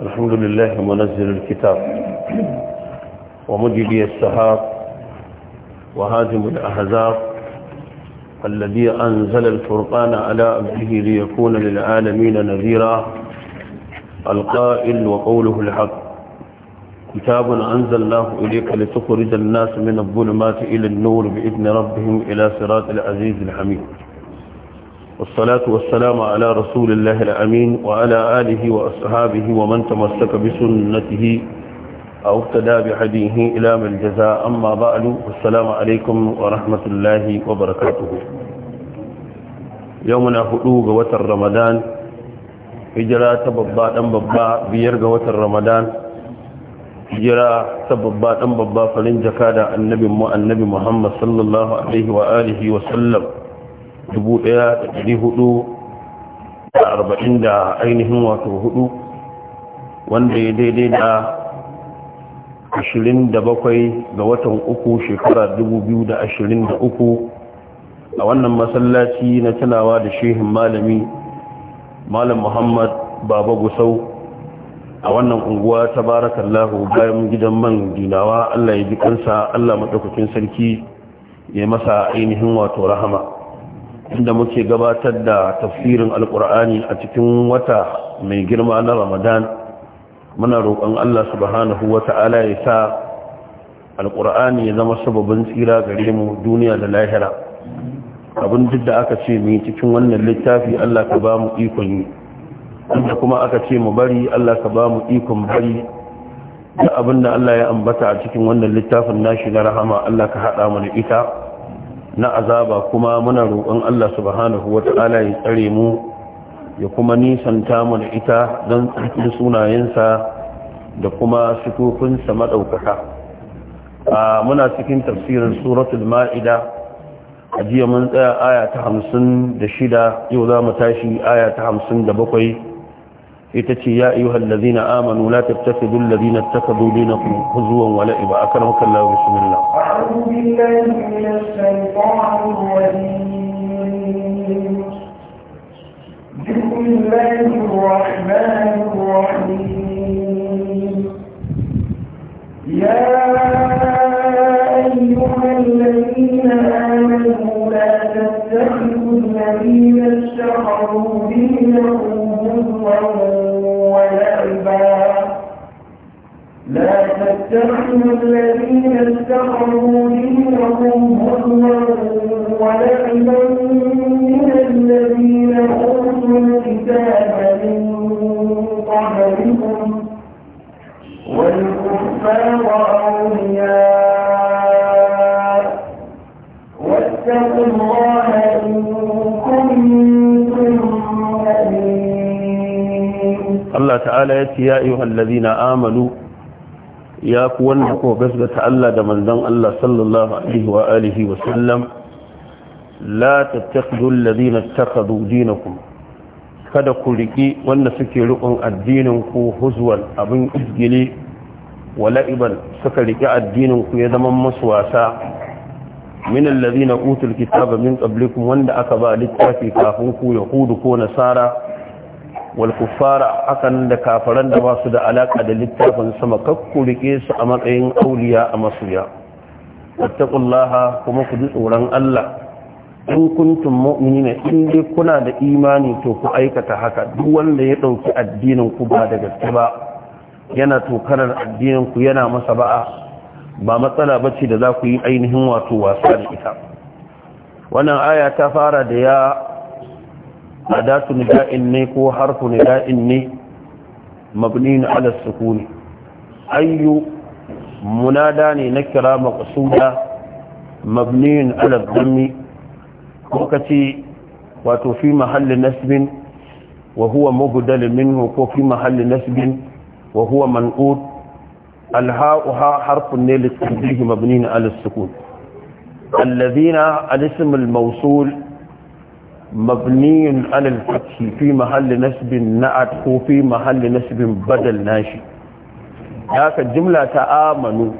الحمد لله منزل الكتاب ومجبي السحاب وهازم الأحزاب الذي أنزل الفرقان على أبده ليكون للعالمين نذيرا القائل وقوله الحق كتاب أنزلناه إليك لتخرج الناس من الظلمات إلى النور بإذن ربهم إلى صراط العزيز الحميد والصلاة والسلام على رسول الله الأمين وعلى آله وأصحابه ومن تمسك بسنته أو اقتدى بهديه إلى من الجزاء أما بعد السلام عليكم ورحمة الله وبركاته يومنا هدوغ وتر رمضان هجرة تببا تنببا بيرغ وتر رمضان هجرة تببا تنببا فلنجكاد النبي, النبي محمد صلى الله عليه وآله وسلم dubu daya da dari hudu da arba'in da ainihin wato hudu wanda ya daidai da ashirin ga watan uku shekara dubu a wannan masallaci na tunawa da shehin malami malam muhammad baba gusau a wannan unguwa ta lahu bayan gidan man dinawa Allah ya ji kansa Allah maɗaukacin sarki ya masa ainihin wato rahama inda muke gabatar da tafsirin alkur'ani a cikin wata mai girma na ramadan muna roƙon allah subhanahu wa ta'ala ya sa alkur'ani ya zama sababin tsira gare mu duniya da lahira abin duk da aka ce mai cikin wannan littafi allah ka ba mu ikon yi inda kuma aka ce mu bari allah ka ba mu ikon bari da abin da allah ya ambata a cikin wannan littafin nashi na rahama allah ka haɗa mu da ita na azaba kuma muna roƙon Allah subhanahu wata'ala ya tsare mu ya kuma nisanta mu da ita don tsarkin sunayensa da kuma sifofinsa maɗaukaka muna cikin tafsirin suratul ma'ida a jiya mun tsaya aya ta hamsin da shida yau za mu tashi aya ta hamsin da bakwai يتشي يا أيها الذين آمنوا لا تتخذوا الذين اتخذوا دينكم هزوا ولئبا أكرمك الله بسم الله أعوذ بالله من الشيطان الرجيم بسم الله الرحمن الرحيم يا أيها الذين آمنوا لا تتخذوا الذين اشتغلوا دينكم هزوا اتبعوا الذين اتبعوا دينهم هزوا ولعبا من الذين اوتوا الكتاب من قبلكم والكفار اولياء واتقوا الله ان كنتم مؤمنين الله تعالى يأتي يا ايها الذين امنوا ya ku wanda kuma gasgata Allah da manzon Allah sallallahu alaihi wa alihi wa sallam la tattakhidhu alladhina ittakhadhu dinakum kada ku riki wanda suke rikon addinin ku huzwan abin izgili wala'iban suka riki addinin ku ya zama musu wasa min alladhina utul kitaba min qablikum wanda aka ba littafi kafin ku yahudu ko nasara wal kufara hakan da kafaran da ba su da alaka da littafin sama kakku rike su a matsayin auliya a masoya wattaqullaha kuma ku ji tsoron Allah in kuntum mu'minina in dai kuna da imani to ku aikata haka duk wanda ya dauki addinin ku ba da gaske ba yana tokarar addinin ku yana masa ba'a ba matsala bace da za ku yi ainihin wato wasa da ita wannan aya ta fara da ya adatu nida'in ne ko harfu nida'in ne mabnin ala sukuni ayyu munada ne na kira maqsuda mabnin ala dhammi ko kace wato fi mahalli nasbin wa huwa mubdal minhu ko fi mahalli nasbin wa huwa manqut الهاء ها حرف النيل التنبيه مبني على السكون الذين الاسم الموصول مبني على الفتح في محل نسب نعت هو في محل نسب بدل ناشي ذاك الجملة تآمنوا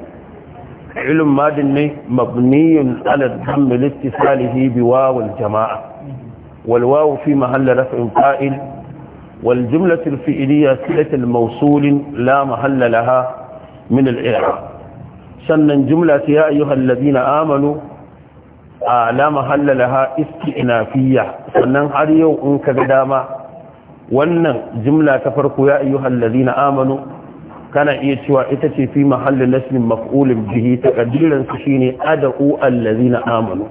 علم مادن مبني على الضم لاتصاله بواو الجماعة والواو في محل رفع فائل والجملة الفئلية سلة الموصول لا محل لها من الإعراب سنن جملة يا أيها الذين آمنوا آه لا محل لها استئنافية sannan har yau in ka ga dama wannan jimla ta farko ya ayyuhal na amanu kana iya cewa ita ce fi mahallin nasmin maf'ulin bihi takaddiran su shine ad'u na amanu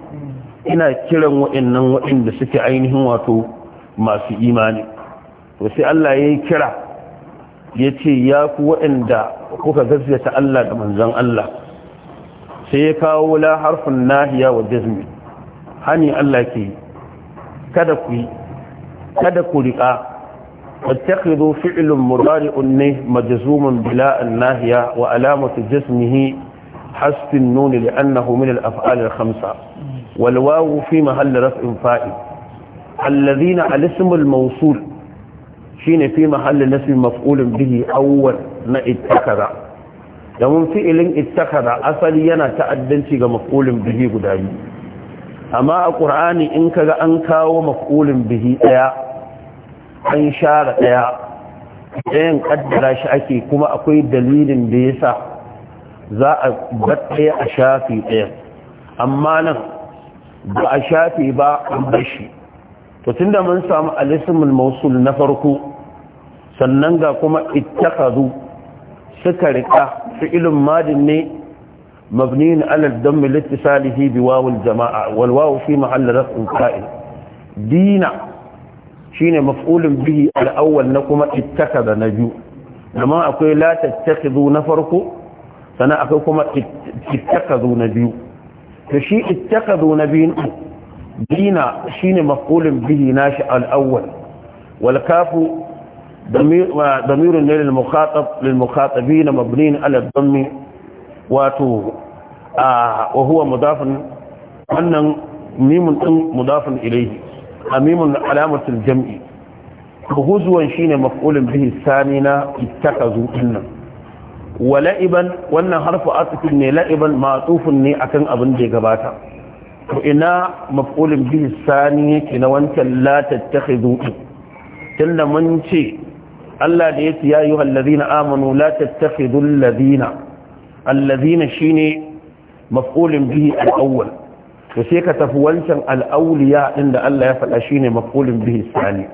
ina kiran wa'annan wa'anda suke ainihin wato masu imani to sai Allah yayi kira yace ya ku wa'anda kuka gaskata Allah da manzon Allah sai ya kawo la harfin nahiya wa jazmi hani Allah ke kada ku kada ku riƙa wattakhidhu fi'lun mudari'un ne majzumun bila annahiya wa alamatu jismihi hasbi an-nun li'annahu min al-af'al al-khamsa wal wawu fi mahalli raf'in fa'i alladhina al-ism al shine fi mahalli nasb maf'ul bihi awwal na ittakara da mun fi'ilin ittakara asali yana ta'addanci ga maf'ulin bihi guda biyu amma a ƙur'ani in kaga an kawo maf'ulin bihi ɗaya an share ɗaya ɗayan ƙaddara shi ake kuma akwai dalilin da ya sa za a bat a shafi ɗaya amma nan ba a shafi ba an bashi to tunda mun samu alisimul mausul na farko sannan ga kuma zu suka riƙa fi'ilun madin ne مبني على الدم لاتصاله بواو الجماعة والواو في محل رفع فائل دين شين مفعول به الأول نكما اتخذ نجو لما أقول لا تتخذوا نفركم سنا أقول كما اتخذوا نجو فشي اتخذوا نبي دين شين مفعول به ناشئ الأول والكاف ضمير للمخاطب للمخاطبين مبني على الضم wato a wahuwa mudafin wannan mimun ɗin mudafin ilaihi a mimun alamatul jam'i huzuwan ne maf'ulun bihi sani na ittakazu dinnan wa la'iban wannan harfu asifin ne la'iban matsufin ne akan abin da ya gabata to ina maf'ulun bihi sani yake na wancan la tattakhidhu tunda mun ce Allah da yace ya ayyuhal ladina amanu la tattakhidhu alladina allazina shine maf'ulun bihi al-awwal to sai ka tafi wancan al-awliya da Allah ya faɗa shine maf'ulun bihi sani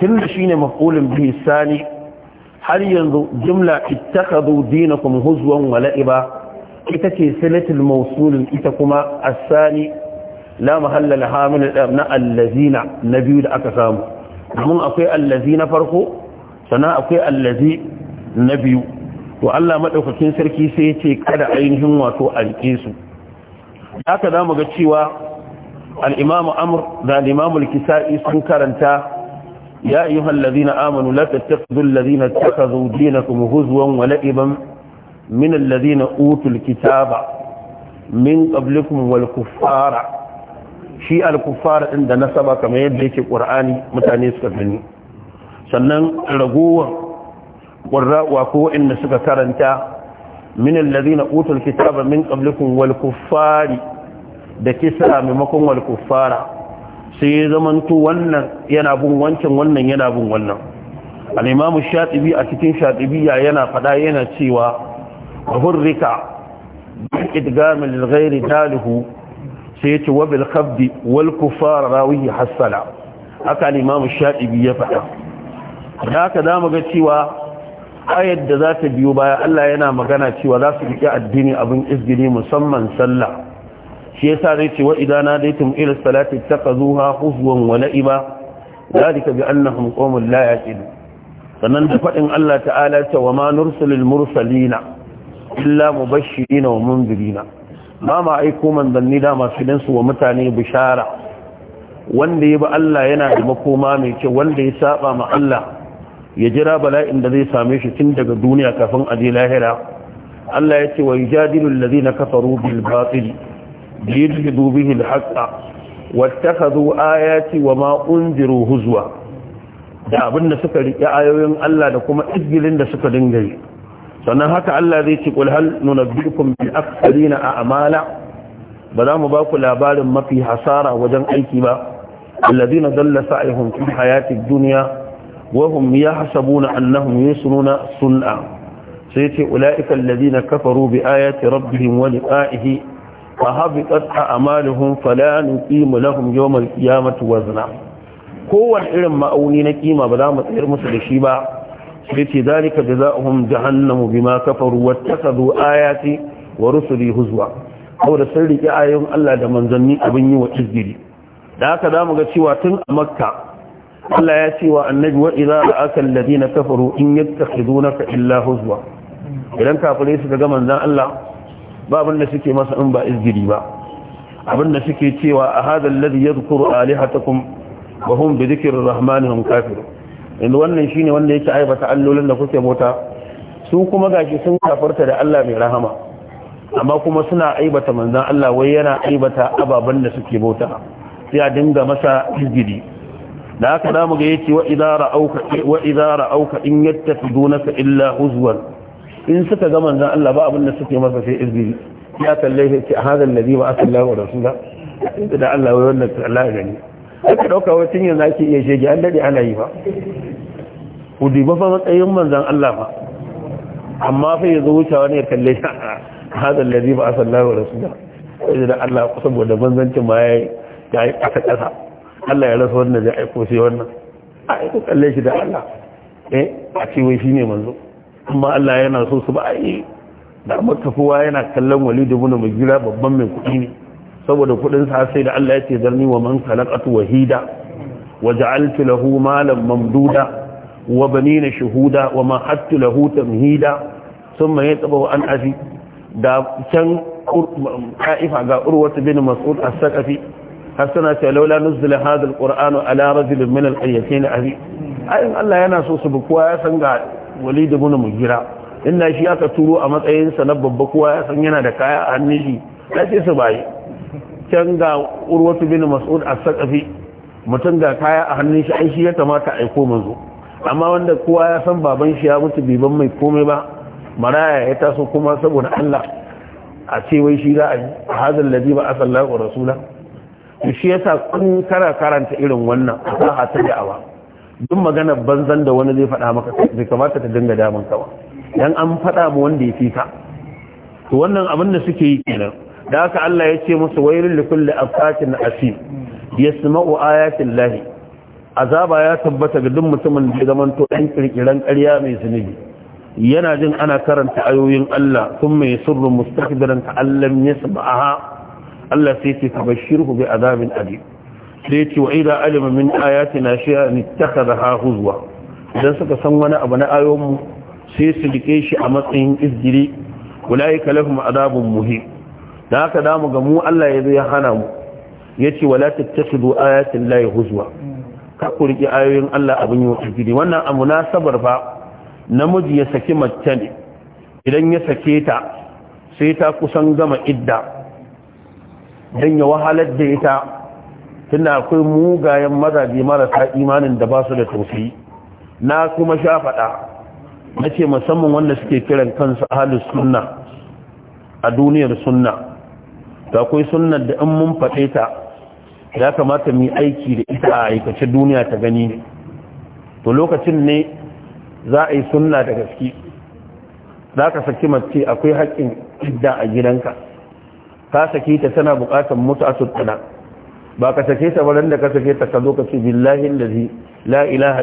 tun da shine maf'ulun bihi sani har yanzu jumla ittakhadhu dinakum huzwan wa la'iba ita ce silatul mawsul ita kuma as-sani la mahalla laha min na allazina nabiyu da aka samu domin akwai allazi na farko sannan akwai allazi na biyu to Allah maɗaukakin sarki sai ya ce kada ainihin wato a riƙe su haka zamu ga cewa al’imamu amur da al’imamu likisa’i sun karanta ya yi hallazi na amonu latattar zullazi na taka zauji na kuma wa la’iban minallazi na utul kitaba min ƙablikun walkufara shi alkufara ɗin da nasaba kamar yadda yake ƙur'ani mutane suka gani sannan ragowar qurra'u ko wa'anda suka karanta min na utul kitaba min qablikum wal kuffari da kisra maimakon wal kuffara sai ya zamanto wannan yana bin wancan wannan yana bin wannan al-imam shatibi a cikin shatibiyya yana fada yana cewa hurrika idgam al-ghairi daluhu sai yace wa bil khabdi wal kuffar rawi hasala haka al-imam shatibi ya fada haka zamu ga cewa ayar da za ta biyo baya Allah yana magana cewa za su riƙe addini abin izgiri musamman sallah shi yasa zai ce wa idan nadaitum ila salati takazuha huzwan wa la'iba zalika bi annahum qawmun la yaqil sannan da fadin Allah ta'ala ta wa ma nursilul mursalina illa mubashirin wa mundirina ma ma aiko manzanni da masu dinsu wa mutane bishara wanda ya bi Allah yana da makoma mai kyau wanda ya saba ma Allah ya jira bala'in da zai same shi tun daga duniya kafin a je lahira Allah ya ce wa yujadilu allazina kafaru bil batil liyudhibu bihi al haqqa wattakhadhu ayati wama unziru huzwa da abinda suka riƙe ayoyin Allah da kuma izgilin da suka dinga yi sannan haka Allah zai ce qul hal nunabbiukum bil aktharina a'mala ba za mu ba ku labarin mafi hasara wajen aiki ba alladhina dalla sa'ihum fil hayatid dunya وهم يحسبون أنهم يسرون صنعا سيتي أولئك الذين كفروا بآيات ربهم ولقائه فهبطت أعمالهم فلا نقيم لهم يوم القيامة وزنا كون إرم ما أولين قيمة بلا مطير مسلشيبا سيتي ذلك جزاؤهم جهنم بما كفروا واتخذوا آياتي ورسلي هزوا أو رسلك آيهم ألا دمن زني أبني وإزدري da haka za mu ga cewa tun a makka Allah ya ce wa annabi wa idza ra'aka alladhina kafaru in ka illa huzwa idan kafirai suka ga manzon Allah ba abin da suke masa in ba izgiri ba abinda da suke cewa a hadha alladhi yadhkuru alihatakum wa hum bi dhikri arrahman hum kafirun wannan shine wanda yake aibata allolin da kuke mota su kuma gashi sun kafarta da Allah mai rahama amma kuma suna aibata manzon Allah wai yana aibata ababen da suke mota sai a dinga masa izgiri da haka zamu ga yace wa idza ra'auka wa idza ra'auka in yattafidunaka illa huzwan in suka ga manzan Allah ba abin da suke masa sai izbi ya kalle shi ce hada annabi wa sallallahu alaihi wasallam da Allah wai wannan Allah ya gani aka dauka wacin yanzu ake iya shege an dade ana yi ba ku diba fa matsayin manzan Allah fa amma fa yazo wucewa wani ya kalle shi hada annabi wa sallallahu alaihi wasallam da Allah saboda banzancin ma yayi ya yi ƙasa ƙasa Allah ya rasa wannan zai aiko sai wannan a aiko kalle shi da Allah eh a ce wai shine manzo amma Allah yana so su ba a yi da maka kowa yana kallon Walid ibn Mughira babban mai kuɗi ne saboda kuɗin sa sai da Allah ya ce zarni wa man khalaqatu wahida wa ja'altu lahu malan mamduda wa banina shuhuda wa ma hattu lahu tamhida thumma yatabu an afi da can ka'ifa ga urwatu bin mas'ud as-saqafi har suna cewa laula nuzula hadha alquran ala rajul min alqayyatin abi ayin Allah yana so su bukuwa ya san ga walid ibn mugira inna shi aka turo a matsayin sa na babba kuwa ya san yana da kaya a hannun shi ce su bayi can ga urwatu bin mas'ud as-saqafi mutum ga kaya a hannun shi ai shi ya kamata a aiko manzo amma wanda kowa ya san baban shi ya mutu ban mai komai ba maraya ya taso kuma saboda Allah a ce wai shi za a yi hadal ladhi ba asallahu rasula shi yasa kun kara karanta irin wannan fasaha ta da'awa duk magana banzan da wani zai faɗa maka bai kamata ta dinga damun kawa yan an faɗa mu wanda ya fita to wannan abin da suke yi kenan da haka Allah ya ce musu wayrul kulli afatin asim yasma'u ayati lahi azaba ya tabbata ga duk mutumin da zaman to dan kirkiran ƙarya mai zunubi yana jin ana karanta ayoyin Allah kuma yasurru mustakbiran ta'allam yasma'aha Allah sai ce ka bashirhu bi azabin alim sai ce wa idza alima min ayatina shay'an ittakhadha huzwa idan suka san wani abu na ayoyin mu sai su rike shi a matsayin izgiri ulaika lahum azabun muhim da haka da mu ga mu Allah ya zo ya hana mu yace wala tattakhidu ayatin lahi huzwa ka ku rike ayoyin Allah abin yi izgiri wannan a munasabar fa namiji ya saki mace ne idan ya sake ta sai ta kusan gama idda don yi wahalar da ita tunda akwai mugayen mazaje marasa imanin da ba su da tausayi na kuma sha faɗa na ce musamman wanda suke kiran kansu ahalus sunna a duniyar sunna da akwai sunnar da in mun faɗe ta ya kamata mu aiki da ita a aikace duniya ta gani to lokacin ne za a yi sunna da gaske za ka saki mace akwai haƙƙin idda a gidanka ka sake ta tana buƙatar mutu'atul talaq ba ka sake ta baran da ka sake ta ka zo ka ce billahi allazi la ilaha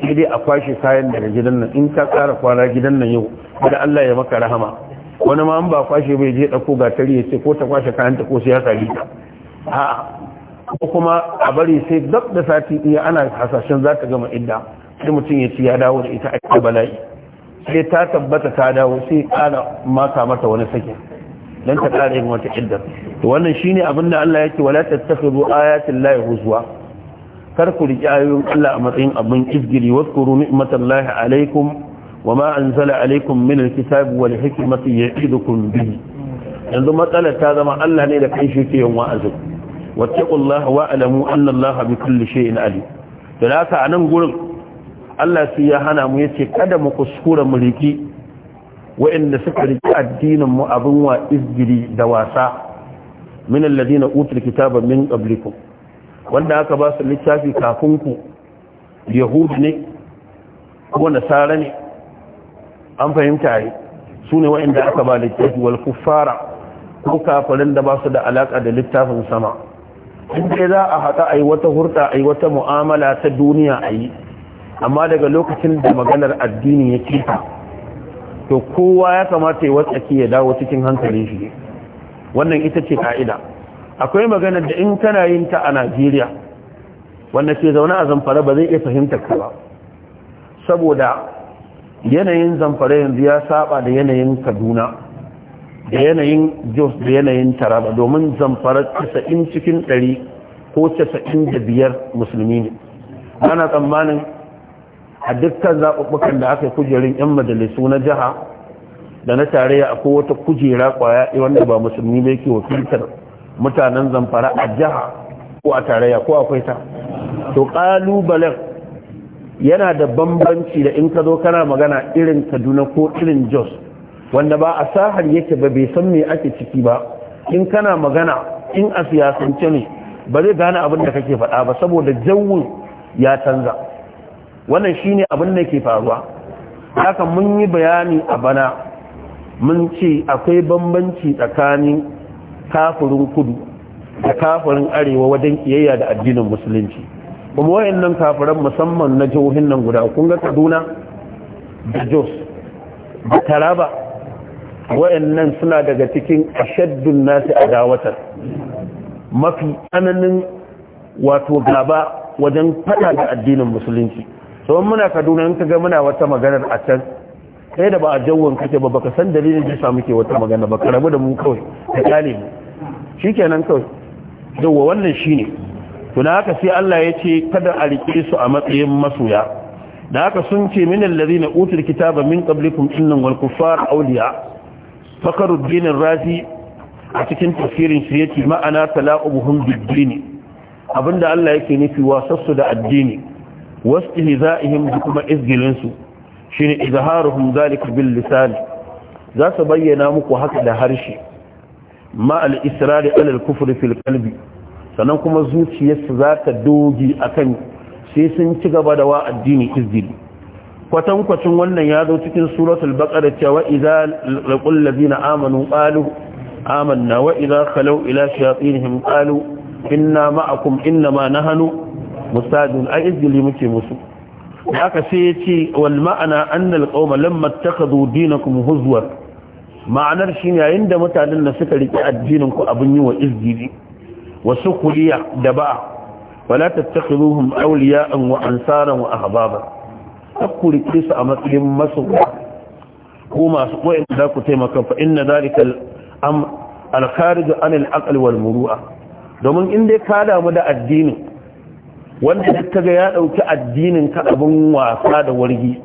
sai dai a kwashe kayan daga gidan nan in ka kara kwana gidan nan yau da Allah ya maka rahama wani ma an ba kwashe bai je ɗauko gatari ya ce ko ta kwashe kayanta ko sai ya sari ta a'a ko kuma a bari sai duk da sati ɗaya ana hasashen za ta gama idda sai mutum ya ci ya dawo da ita a bala'i sai ta tabbata ta dawo sai ƙara maka mata wani sakin dan ta kare wata idda wannan shine abin da Allah yake wala tattakhidhu ayatil lahi huzwa kar ku riƙe ayoyin Allah a matsayin abin izgiri waskuru ni'matallahi alaikum wama anzala alaikum min ya ci da kun bihi yanzu matsalar ta zama Allah ne da kai shi ke yin wa'azi wattaqullaha wa'lamu anna Allaha bi kulli shay'in alim da haka a nan gurin Allah sai ya hana mu yace kada mu kuskura riki. Wa'inda suka riki addinin mu abin wa izgiri da wasa min alladina utul kitaba min qablikum wanda aka ba su littafi kafin ku yahud ne ko nasara ne an fahimta yi su ne wa'anda aka ba littafi wal kuffara ko kafirin da ba su da alaka da littafin sama in dai za a haɗa ai wata hurɗa ai wata mu'amala ta duniya ayi amma daga lokacin da maganar addini ya kifa to kowa ya kamata ya watsaki ya dawo cikin hankalin shi wannan ita ce ka'ida akwai maganar da in kana yin ta a Najeriya wanda ke zauna a zamfara ba zai iya fahimtar ka ba saboda yanayin zamfara yanzu ya saba da yanayin Kaduna da yanayin Jos da yanayin Taraba domin zamfara 90 cikin 100 ko 95 musulmi ne ana tsammanin a dukkan zaɓuɓɓukan da aka yi kujerun 'yan majalisu na jiha da na tarayya a wata kujera kwaya wanda ba musulmi ba yake wakiltar mutanen zamfara a jiha ko a tarayya ko akwai ta to ƙalubalen yana da bambanci da in ka zo kana magana irin kaduna ko irin jos wanda ba a sahar yake ba bai san me ake ciki ba in kana magana in a siyasance ne ba zai gane abin da kake faɗa ba saboda jawun ya canza wannan shi ne abin da ke faruwa haka mun yi bayani a bana mun ce akwai bambanci tsakanin kafirin kudu da kafirin arewa wajen kiyayya da addinin musulunci kuma wayannan kafiran musamman na jihohin nan guda kun ga Kaduna da Jos da Taraba wayannan suna daga cikin ashaddun nasi adawatan mafi tsananin wato gaba wajen fada da addinin musulunci don muna kaduna in kaga muna wata maganar a can kai da ba a jawon kake ba baka san dalilin da muke wata magana ba ka rabu da mu kawai ka kale mu shikenan kawai jawwa wannan shine to na haka sai Allah ya ce kada a rike su a matsayin masoya da haka sun ce min na utul kitaba min qablikum innan wal kuffar awliya fakaruddin razi a cikin tafsirin shi yake ma'ana tala'ubuhum bid-dini abinda Allah yake nufi wasassu da addini wasu za a yi su kuma izgilinsu shi ne izaharuhun zalik bil lisani za su bayyana muku haka da harshe Ma'al al'isirari alal kufri fil kalbi sannan kuma zuciyarsu za ta dogi a kan sai sun ci gaba da wa'addini izgili kwatankwacin wannan ya zo cikin suratul baqara cewa idza laqul na amanu qalu amanna wa idza khalu ila shayatinihim qalu inna ma'akum inna ma nahanu mustadun ai izgili muke musu aka sai ya ce wal ma'ana annal qauma lamma takhadhu dinakum huzwa ma'anar shi ne yayin da mutanen da suka rike addinin ku abun yi wa izgili wasu kuliya da ba wala tattakhiduhum awliya'an wa ansaran wa ahbaba ku rike su a matsayin masu ko masu koyin da ku taimaka fa inna zalika al-am al-kharij an al-aql wal muru'a domin in dai ka damu da addinin wanda duk kaga ya dauki addinin ka abin wasa da wargi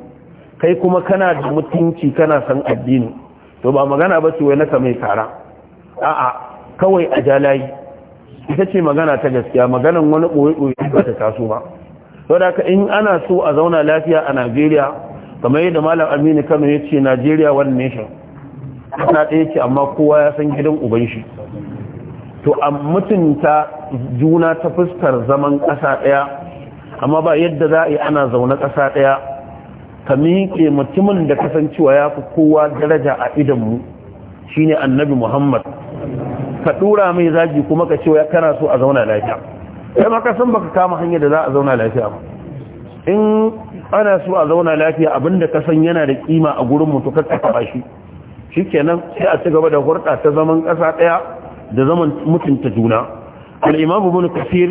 kai kuma kana da mutunci kana san addini to ba magana ba ce wai naka mai tara. a'a kawai a jalayi ita ce magana ta gaskiya maganan wani ɓoye-ɓoye ba ta taso ba to da in ana so a zauna lafiya a najeriya kamar yadda malam aminu kano ya ce najeriya one nation na ɗaya ce amma kowa ya san gidan uban shi to a mutunta juna ta fuskar zaman ƙasa ɗaya amma ba yadda za a yi ana zaune ƙasa ɗaya ka miƙe mutumin da kasancewa ya fi kowa daraja a idanmu ne annabi muhammad ka ɗura mai zagi kuma ka cewa kana so a zauna lafiya Sai ma ka san baka kama hanyar da za a zauna lafiya ba in ana so a zauna lafiya abinda ka san yana da kima a gurin mutu ka kafa shi shikenan sai a ci gaba da hurɗa ta zaman ƙasa ɗaya da zaman mutunta juna al-imam ibn kafir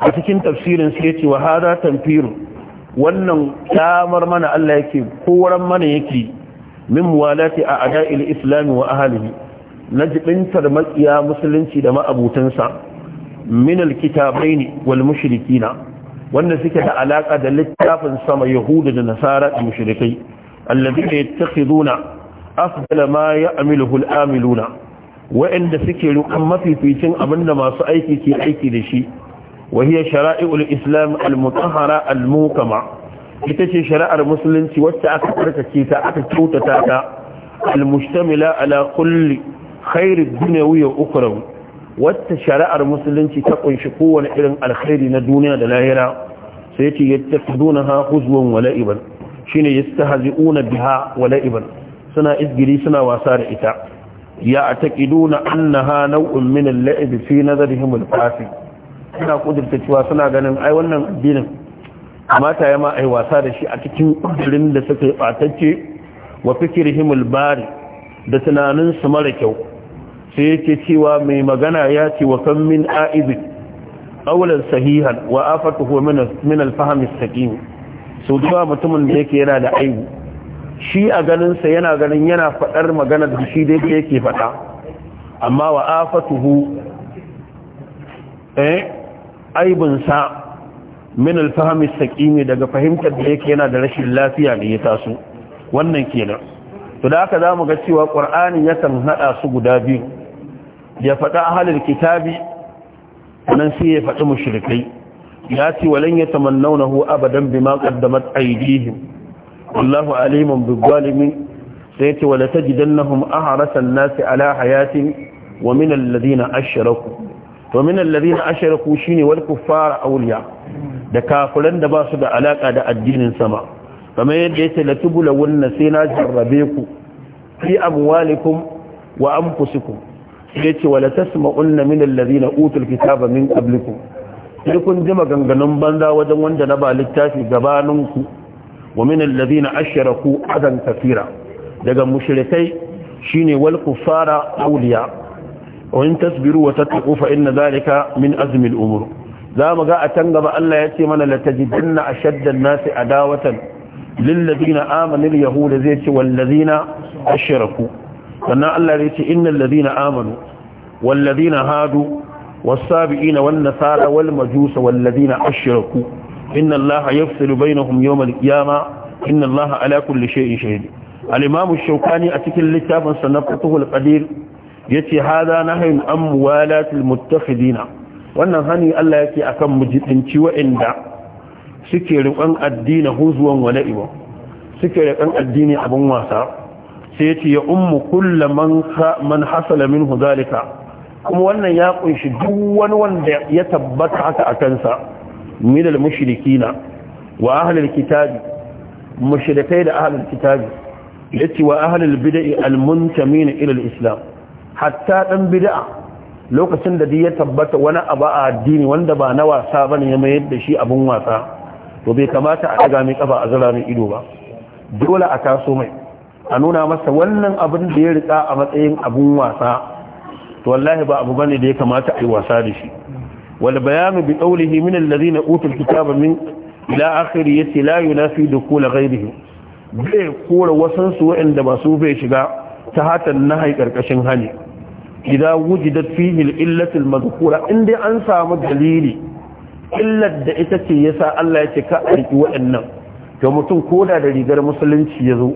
a cikin tafsirin sai ce wa hada tamfiru wannan kyamar mana Allah yake koran mana yake min walati a ada'il islami wa ahlihi na jibintar makiya musulunci da ma'abutansa min al ne wal mushrikina wanda suke da alaka da littafin sama yahudu da nasara da mushrikai alladhina yattakhiduna afdala ma ya'maluhu al-amiluna wa'anda suke rukan mafificin abinda masu aiki ke aiki da shi wahiyya shara'i'ul islam al-mutahara al-mukama ita ce shara'ar musulunci wacce aka tsarkake ta aka kyautata ta al-mustamila ala kulli khairi dunyawi wa ukhrawi wacce musulunci ta kunshi kowane irin alkhairi na duniya da lahira sai ce yattaquduna ha huzwan wa la'iban shine yastahzi'una biha wa la'iban suna izgiri suna wasa da ita Ya أنها نوع annaha fi في نظرهم fasi suna kudurta cewa suna ganin ai wannan addinin kamata ya ma ai wasa da shi a cikin kudurin da suka yi batacce wa fikirhim bari da tunaninsu mara kyau sai yake cewa mai magana ya ce wa kan min a'ibi qawlan sahihan wa afatuhu min min al-fahm as mutumin da yake yana da aibu shi a ganinsa yana ganin yana faɗar maganar da shi dai yake faɗa amma wa afatuhu eh aibinsa min alfahami sakimi daga fahimtar da yake yana da rashin lafiya ne ya taso wannan kenan to da aka zamu ga cewa qur'ani yakan hada su guda biyu ya faɗa ahlul kitabi nan sai ya faɗi mushrikai ya ce walan yatamannawnahu abadan bima qaddamat aydihim wallahu aliman bil zalimin sai yace wala tajidannahum aharasan nas ala hayatin wa min alladhina ashraku to min alladhina shine wal kuffara awliya da kafiran da ba su da alaka da addinin sama kamar yadda yace latubula wanna sai na jarrabe ku fi amwalikum wa anfusikum yace wala tasma'unna min alladhina utul kitaba min qablikum sai kun ji maganganun banza wajen wanda na ba littafi gabaninku ku wa min alladhina ashraku adan kafira daga mushrikai shine wal kuffara awliya wa in tasbiru wa tattaqu fa inna dhalika min azmi umru. umur za mu ga a can gaba Allah ya ce mana latajidanna ashadda an-nasi adawatan lil ladina amanu al yahuda zai ci wal ladina ashraku sannan Allah ya ce innal ladina amanu wal ladina hadu was sabiina wan nasara wal majusa wal ladina ashraku inna allaha yafsilu bainahum yawmal qiyama inna allaha ala kulli shay'in shahid al-imam ash-shawkani a cikin littafin sa na fathul qadir yace hada nahyun am walatil muttakhidina wannan hani Allah yake akan mujidinci wa'inda suke riƙon addini huzuwan wala'iwa suke rikan addini abun wasa sai yace ya ummu kullu man man hasala minhu zalika kuma wannan ya kunshi duk wani wanda ya tabbata haka a kansa min al-mushrikina wa kitabi mushrikai da ahli kitabi yace wa ahli al-bid'i al-muntamin islam hatta dan bid'a lokacin da ya tabbata wani abu a addini wanda ba na wasa bane ya mayar da shi abun wasa to bai kamata a daga mai kafa a zara mai ido ba dole a kaso mai a nuna masa wannan abin da ya rika a matsayin abin wasa to wallahi ba abu bane da ya kamata a yi wasa da shi wal bayanin bi qawlihi min alladhina utul kitaba min ila akhiri yace la yunafi dukul ghairihi bai kora wasan su wa'anda ba su bai shiga ta hatan nahai karkashin hani idza wujidat fihi al-illatu al-madhkura indai an samu dalili illar da ita ce yasa Allah yake ka aiki wa'annan to mutum koda da rigar musulunci yazo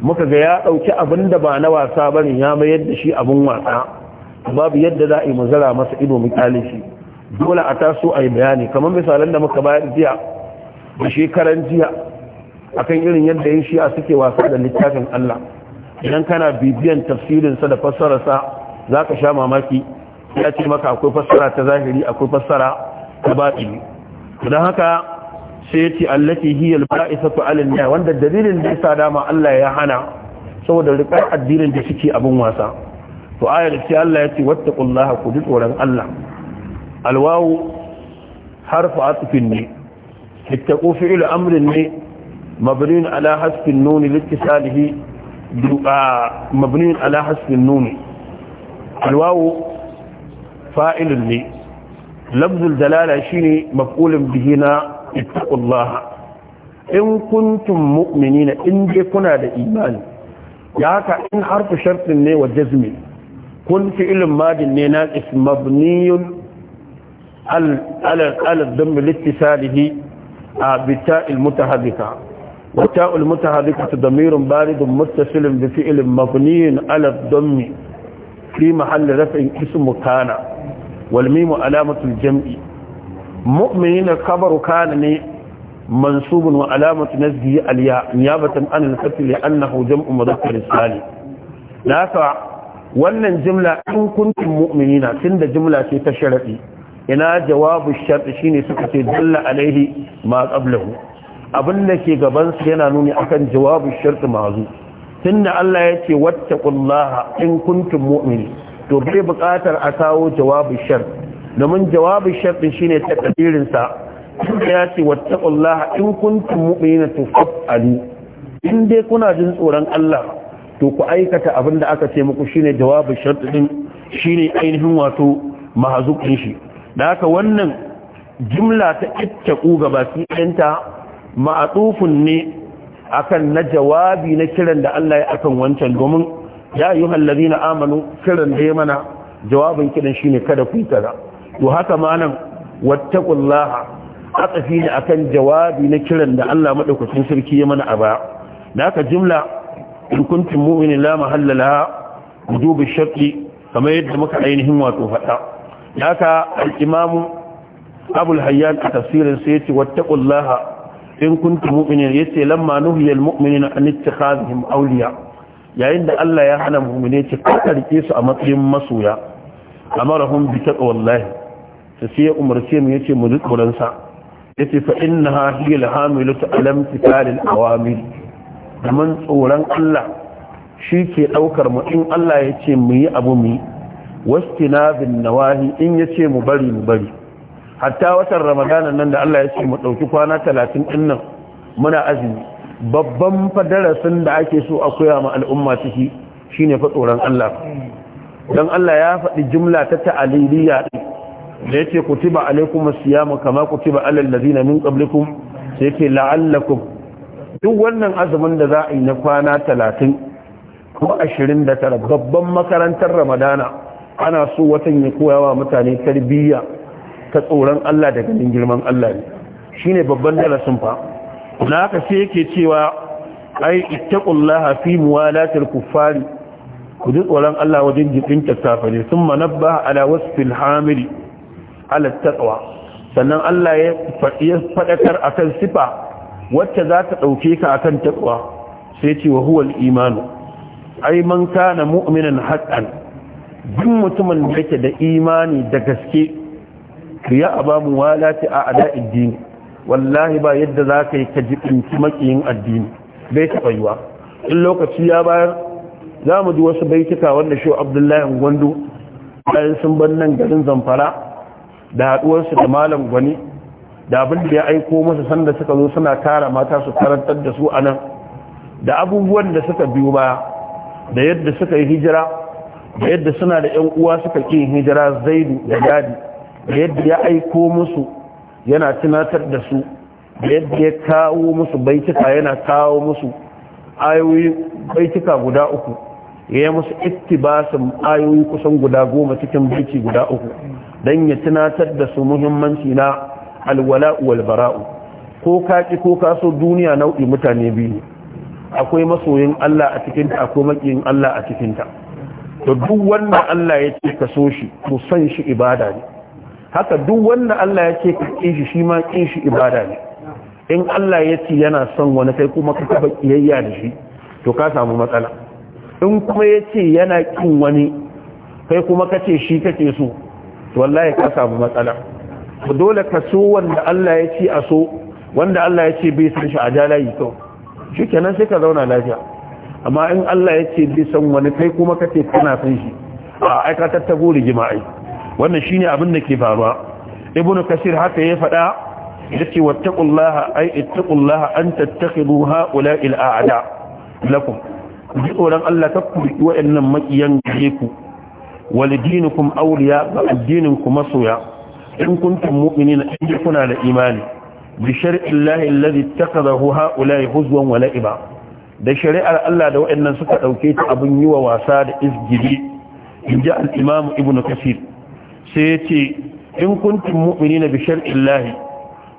muka ga ya dauki abinda ba na wasa bane ya mayar da shi abin wasa babu yadda za a yi mazara masa ido mu dole a taso a yi bayani kamar misalan da muka bayar jiya da shekaran jiya akan irin yadda yin shi'a suke wasa da littafin Allah idan kana bibiyan tafsirinsa da fassararsa za ka sha mamaki ya ce maka akwai fassara ta zahiri akwai fassara ta baɗini don haka sai ya ce allaki hiyar ba'isa ta alinna wanda dalilin da yasa dama Allah ya hana saboda rikar addinin da suke abin wasa to ayar sai Allah ya ce wattaqullaha ku ji tsoron Allah alwawu harfu atfin ne ittaqu fi'lu amrin ne mabniun ala hasfin nun liittisalihi du'a mabniun ala hasfin nun alwawu fa'ilun ne lafzul dalala shine maf'ulun bihi na ittaqullaha in kuntum mu'minina in dai kuna da imani ya haka in harfu shartin ne wa jazmi kun fi ilin madin ne na mabniyun على الضم لاتصاله آه، بالتاء المتحركة والتاء المتحركة ضمير بارد متصل بفعل مبني على الضم في محل رفع اسم كان والميم علامة الجمع مؤمنين خبر كان منصوب وعلامة نزه الياء نيابة عن الفتح لأنه جمع مذكر سالي لا wannan jimla in kuntum mu'minina tunda jimla ce ta sharadi ina jawabu shart shine suka ce dalla alaihi ma qablahu abin da ke gaban su yana nuni akan jawabu shartu mazu tunda Allah ya ce wattaqullaha in kuntum mu'minin to bai buƙatar a kawo jawabu shart domin jawabu shart shine ta kadirin sa ya ce wattaqullaha in kuntum to fa'ali in dai kuna jin tsoron Allah to ku aikata abinda aka ce muku shine jawabu shartu din shine ainihin wato mahzukin shi da haka wannan jimla ta ittaku ga baki ɗinta ma'atufun ne akan na jawabi na kiran da Allah ya akan wancan domin ya yi hallazi na amanu kiran da ya mana jawabin kiran shine kada ku yi kaza to haka ma nan wattaqullaha atsafi ne akan jawabi na kiran da Allah madaukakin sarki ya mana a baya da haka jimla in kuntum mu'minin la mahalla laha wujubi kamar yadda muka ainihin wato faɗa haka al-imamu abul hayyan a tafsirin sai yace wattaqullaha in kuntum mu'minin yace lamma nuhiya al an ittikhadhihim awliya yayin da Allah ya hana mu'mine ce karke su a matsayin masoya amarahum bi taqwallahi sai ya umarce mu yace mu dukuran sa yace fa innaha hiya al alam tikalil awamir domin tsoron Allah shi ke ɗaukar mu in Allah ya ce mu yi abu mu wastinabin nawahi in yace mu bari mu bari hatta watan ramadana nan da Allah ya ce mu ɗauki kwana talatin din nan muna azumi babban fadarasin da ake so a koya ma al'umma ciki shine fa Allah dan Allah ya faɗi jimla ta ta'aliliya da yace kutiba alaikumus siyam kama kutiba alal ladina min qablikum sai yake la'allakum duk wannan azumin da za a yi na kwana talatin ko tara. babban makarantar ramadana ana so watan ya koya wa mutane tarbiyya ta tsoron Allah da ganin girman Allah ne shine babban darasin fa na haka sai yake cewa ai ittaqullaha fi muwalatil kuffari ku ji tsoron Allah wajen jikin tattafare sun manabba ala wasfil hamili ala taqwa sannan Allah ya faɗakar akan sifa wacce za ta ɗauke ka akan taqwa sai ce wa huwal imanu ai man kana mu'minan haqqan duk mutumin da yake da imani da gaske riya a ba mu walati a ada addini wallahi ba yadda za ka yi ka ji ɗinki makiyin addini bai taɓa yiwa in lokaci ya bayar za mu ji wasu baituka wanda shi abdullahi gwandu bayan sun ban nan garin zamfara da haɗuwarsu da malam gwani da abin da ya aiko masa sanda suka zo suna tara mata su karantar da su a nan da abubuwan da suka biyo baya da yadda suka yi hijira da yadda suna da yan uwa suka ke hijira zaidu da dadi da yadda ya aiko musu yana tunatar da su da yadda ya kawo musu baitika yana kawo musu ayoyi baitika guda uku ya yi musu ittibasin ayoyi kusan guda goma cikin baiti guda uku don ya tunatar da su muhimmanci na alwala wal bara'u ko kaki ko kaso duniya nau'i mutane biyu akwai masoyin Allah a cikinta akwai makiyin Allah a cikinta to duk wanda Allah ya ce ka so shi to san shi ibada ne haka duk wanda Allah ya ce ka ƙin shi shi ma ƙin shi ibada ne in Allah ya ce yana son wani kai kuma ka taɓa kiyayya da shi to ka samu matsala in kuma ya ce yana ƙin wani kai kuma ka ce shi kake so to wallahi ka samu matsala to dole ka so wanda Allah ya ce a so wanda Allah ya ce bai san shi a jalayi to shikenan sai ka zauna lafiya amma in Allah ya ce bi san wani kai kuma kace kana san shi a aika tattago rigima wannan shine abin da ke faruwa ibnu kasir haka ya faɗa yace wattaqullaha ai ittaqullaha an tattakhidu ha'ula'i al'a'da lakum ji Allah ta kuri wa'annan makiyan gare ku walidinukum awliya ga addinin ku masoya in kuntum mu'minina in kuna da imani bi illahi Allah alladhi ittakhadahu ha'ula'i huzwan wa la'iba da shari'ar Allah da waɗannan suka ɗauke ta abin yi wa wasa da isgiri in ji al'imamu ibn kasir sai ya ce in kuntum mu'mini na bishar illahi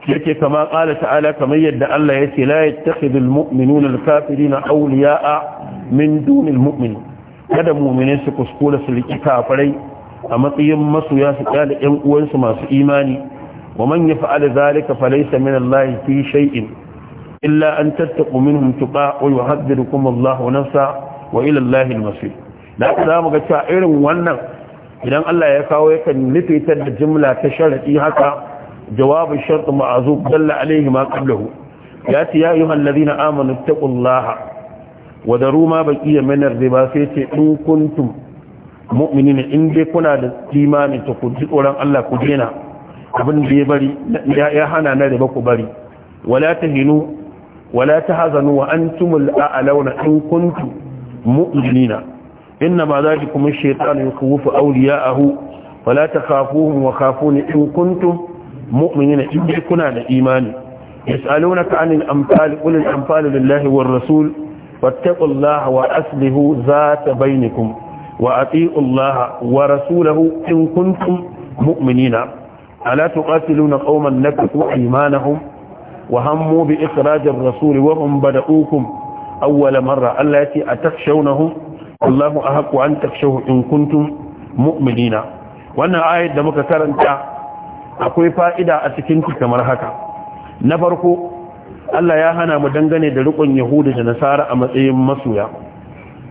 ya ce kama ƙala ta'ala kamar yadda Allah ya ce la ta taƙidu muminu na kafiri na a min dunin mu'mini kada mu'minin su kuskura su riƙi kafarai a matsayin masoya su ƙyale ‘yan uwansu masu imani wa manya ya fa'ala zalika falaisa min Allah fi shay'in illa an tattaku minhum tuqa wa yuhaddirukum Allahu nafsa wa ila Allahil masir da za mu ga cewa irin wannan idan Allah ya kawo yakan nufi ta da jimla ta sharadi haka jawabin shart ma'azub dalla alaihi ma qablahu ya ce ya ayyuhal ladina amanu taqullaha wa daru ma baqiya min ar-riba sai ce in kuntum mu'minina in dai kuna da imani ta ku ji tsoron Allah ku dena abin da ya bari ya hana na riba ku bari wala tahinu wala tahzanu wa antumul a'launa in kuntum mu'minina إنما ذلكم الشيطان يخوف أولياءه فلا تخافوهم وخافون إن كنتم مؤمنين إن كنا إيمان يسألونك عن الأمثال قل الأمثال لله والرسول واتقوا الله وأسله ذات بينكم وأطيعوا الله ورسوله إن كنتم مؤمنين ألا تقاتلون قوما نكثوا إيمانهم وهموا بإخراج الرسول وهم بدأوكم أول مرة التي أتخشونه الله أحق أن تخشوه إن كنتم مؤمنين وأن آية دمك a أقول فائدة أتكنت Na نفرق Allah ya hana mu dangane da rikon Yahudu da Nasara a matsayin masoya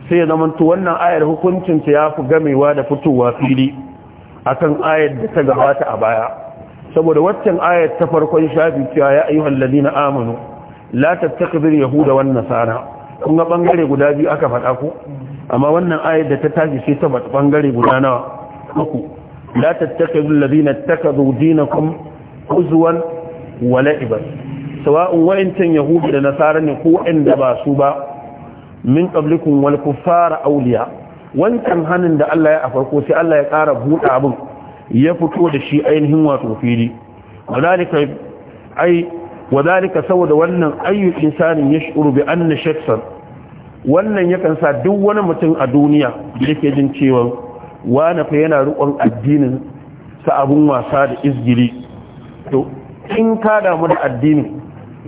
sai ya zamanto wannan ayar hukuncinta ya fi gamewa da fitowa fili akan ayar da ta gabata a baya saboda waccan ayat ta farkon shafi cewa ya ayyuhal ladina amanu la tattakhidul yahuda wan nasara kun ga bangare guda biyu aka faɗa ku amma wannan ayat da ta tashi sai ta bangare guda nawa uku la tattakhidul ladina ittakhadhu dinakum huzwan wa la'iban sawa'un wa'intan yahudi da nasara ne ko in da ba su ba min qablikum wal kuffara awliya wancan hanin da Allah ya a farko sai Allah ya ƙara buɗa abin ya fito da shi ainihin wato fili wadalika ai wadalika saboda wannan ayyukan insanin shuru bi anna shaksan wannan yakan sa duk wani mutum a duniya yake jin cewa wani fa yana rukun addinin sa abun wasa da izgiri to in ka damu da addini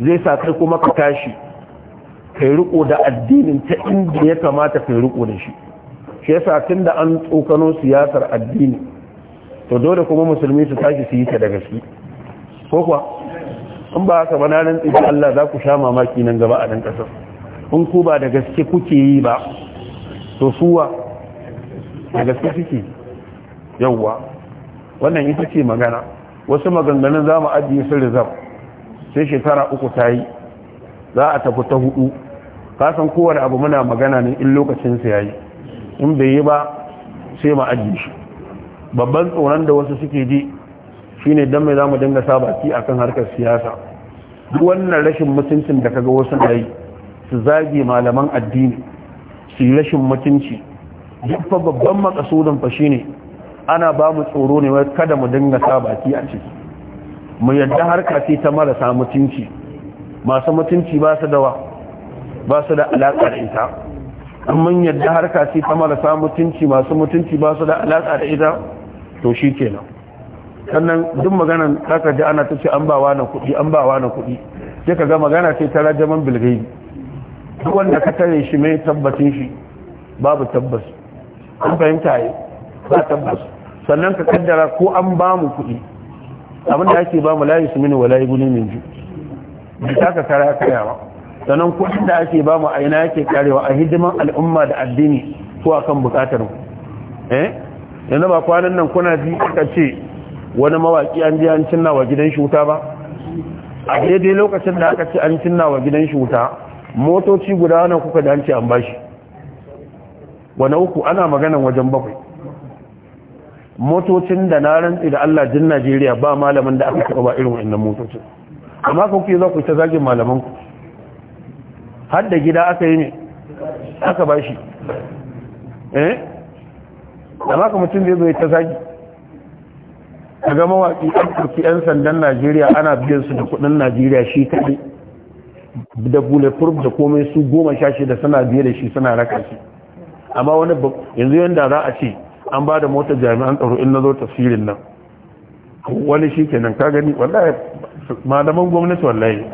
zai sa kai kuma ka tashi kai riko da addinin ta inda ya kamata kai riko da shi shi yasa tunda an tsokano siyasar addini to dole kuma musulmi su tashi su yi ta da gaske ko kuwa in ba haka ba na rantsi Allah za ku sha mamaki nan gaba a nan kasar in ku ba da gaske kuke yi ba to suwa da gaske suke yawwa wannan ita ce magana wasu maganganun za mu ajiye su rizab sai shekara uku ta yi za a tafi ta hudu kasan kowane abu muna magana ne in lokacinsa ya yi in bai yi ba sai mu ajiye shi babban tsoron da wasu suke ji shine don mai zamu dinga sa a kan harkar siyasa duk wannan rashin mutuncin da kaga wasu na yi su zagi malaman addini su yi rashin mutunci duk fa babban makasudin fa shine ana ba mu tsoro ne wai kada mu dinga sa a ciki mu yadda harka ce ta marasa mutunci masu mutunci ba su dawa ba su da alaƙa da ita amma yadda harka ce ta marasa mutunci masu mutunci ba su da alaƙa da ita to shi kenan sannan duk maganan kaka ji ana ta ce an ba wani kuɗi an ba wani kuɗi sai ka ga magana ce ta rajaman bilgai duk wanda ka tare shi mai tabbacin shi babu tabbas an fahimta yi ba tabbas sannan ka kaddara ko an ba mu kuɗi abin da ake ba mu layi su mini wa layi guni min ji bi ta ka kara ba sannan kudin da ake ba mu a ina yake karewa a hidiman al'umma da addini ko akan bukatar mu eh yanzu ba kwanan nan kuna ji aka ce wani mawaki an ji an cinna wa gidan shuta ba a daidai lokacin da aka ce an cinna wa gidan shuta motoci guda wani kuka da an ce an bashi wani uku ana maganan wajen bakwai motocin da na rantsi da Allah jin Najeriya ba malamin da aka taɓa ba irin wannan motocin amma ku ke za ku ta zagin malaman ku har da gida aka yi ne aka bashi eh da maka mutum zai zo ya ta zagi a ga mawaƙi an ɗauki 'yan sandan najeriya ana biyan su da kuɗin najeriya shi kaɗai da bulletproof da komai su goma sha shida suna biye da shi suna raka shi amma wani yanzu yadda za a ce an ba da motar jami'an tsaro in na zo tafsirin nan wani shi kenan ka gani wallahi malaman gwamnati wallahi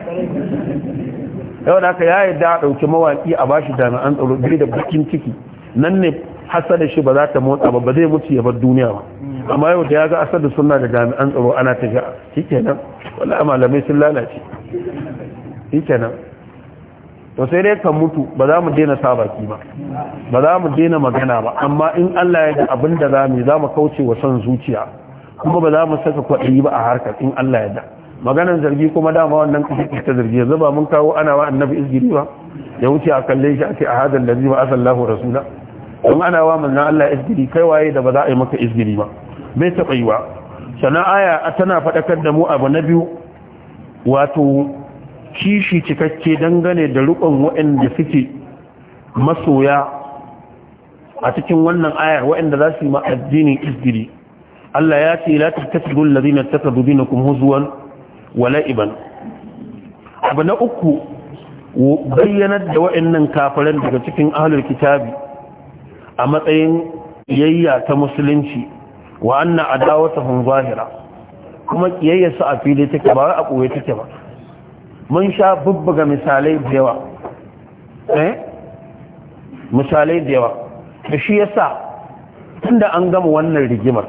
yau da aka ya da a ɗauki mawaƙi a bashi jami'an tsaro biyu da bakin ciki nan ne hasada shi ba za ta motsa ba ba zai mutu ya bar duniya ba mm. amma yau da ya ga asar da suna da jami'an tsaro ana ta ga shi kenan wala malamai sun lalace shi kenan to sai dai kan mutu ba za mu daina saba ba ba za mu daina magana ba amma in Allah ya ga abin da za mu za mu kauce wa son zuciya kuma ba za mu saka kwaɗayi ba a harkar in Allah ya da maganan zargi kuma dama wannan kashe ta zargi yanzu ba mun kawo ana wa annabi izgiri ba ya wuce a kalle shi a ce a hadan da zai wa asallahu rasula in ana wa manzan Allah izgiri kai waye da ba za a yi maka izgiri ba bai taɓa yi ba sannan aya tana faɗakar da mu abu na biyu wato kishi cikakke dangane da rukun waɗanda suke masoya a cikin wannan ayar waɗanda za su yi ma'addinin izgiri Allah ya ce la tattakidu allazina tattakidu dinakum huzwan wa la'iban abu na uku bayyanar da waɗannan kafiran daga cikin ahlul kitabi a matsayin kiyayya ta musulunci wa anna adawatuhum zahira kuma kiyayyar su a fili take ba a koye take ba mun sha bubbuga misalai da yawa eh misalai da yawa shi yasa tunda an gama wannan rigimar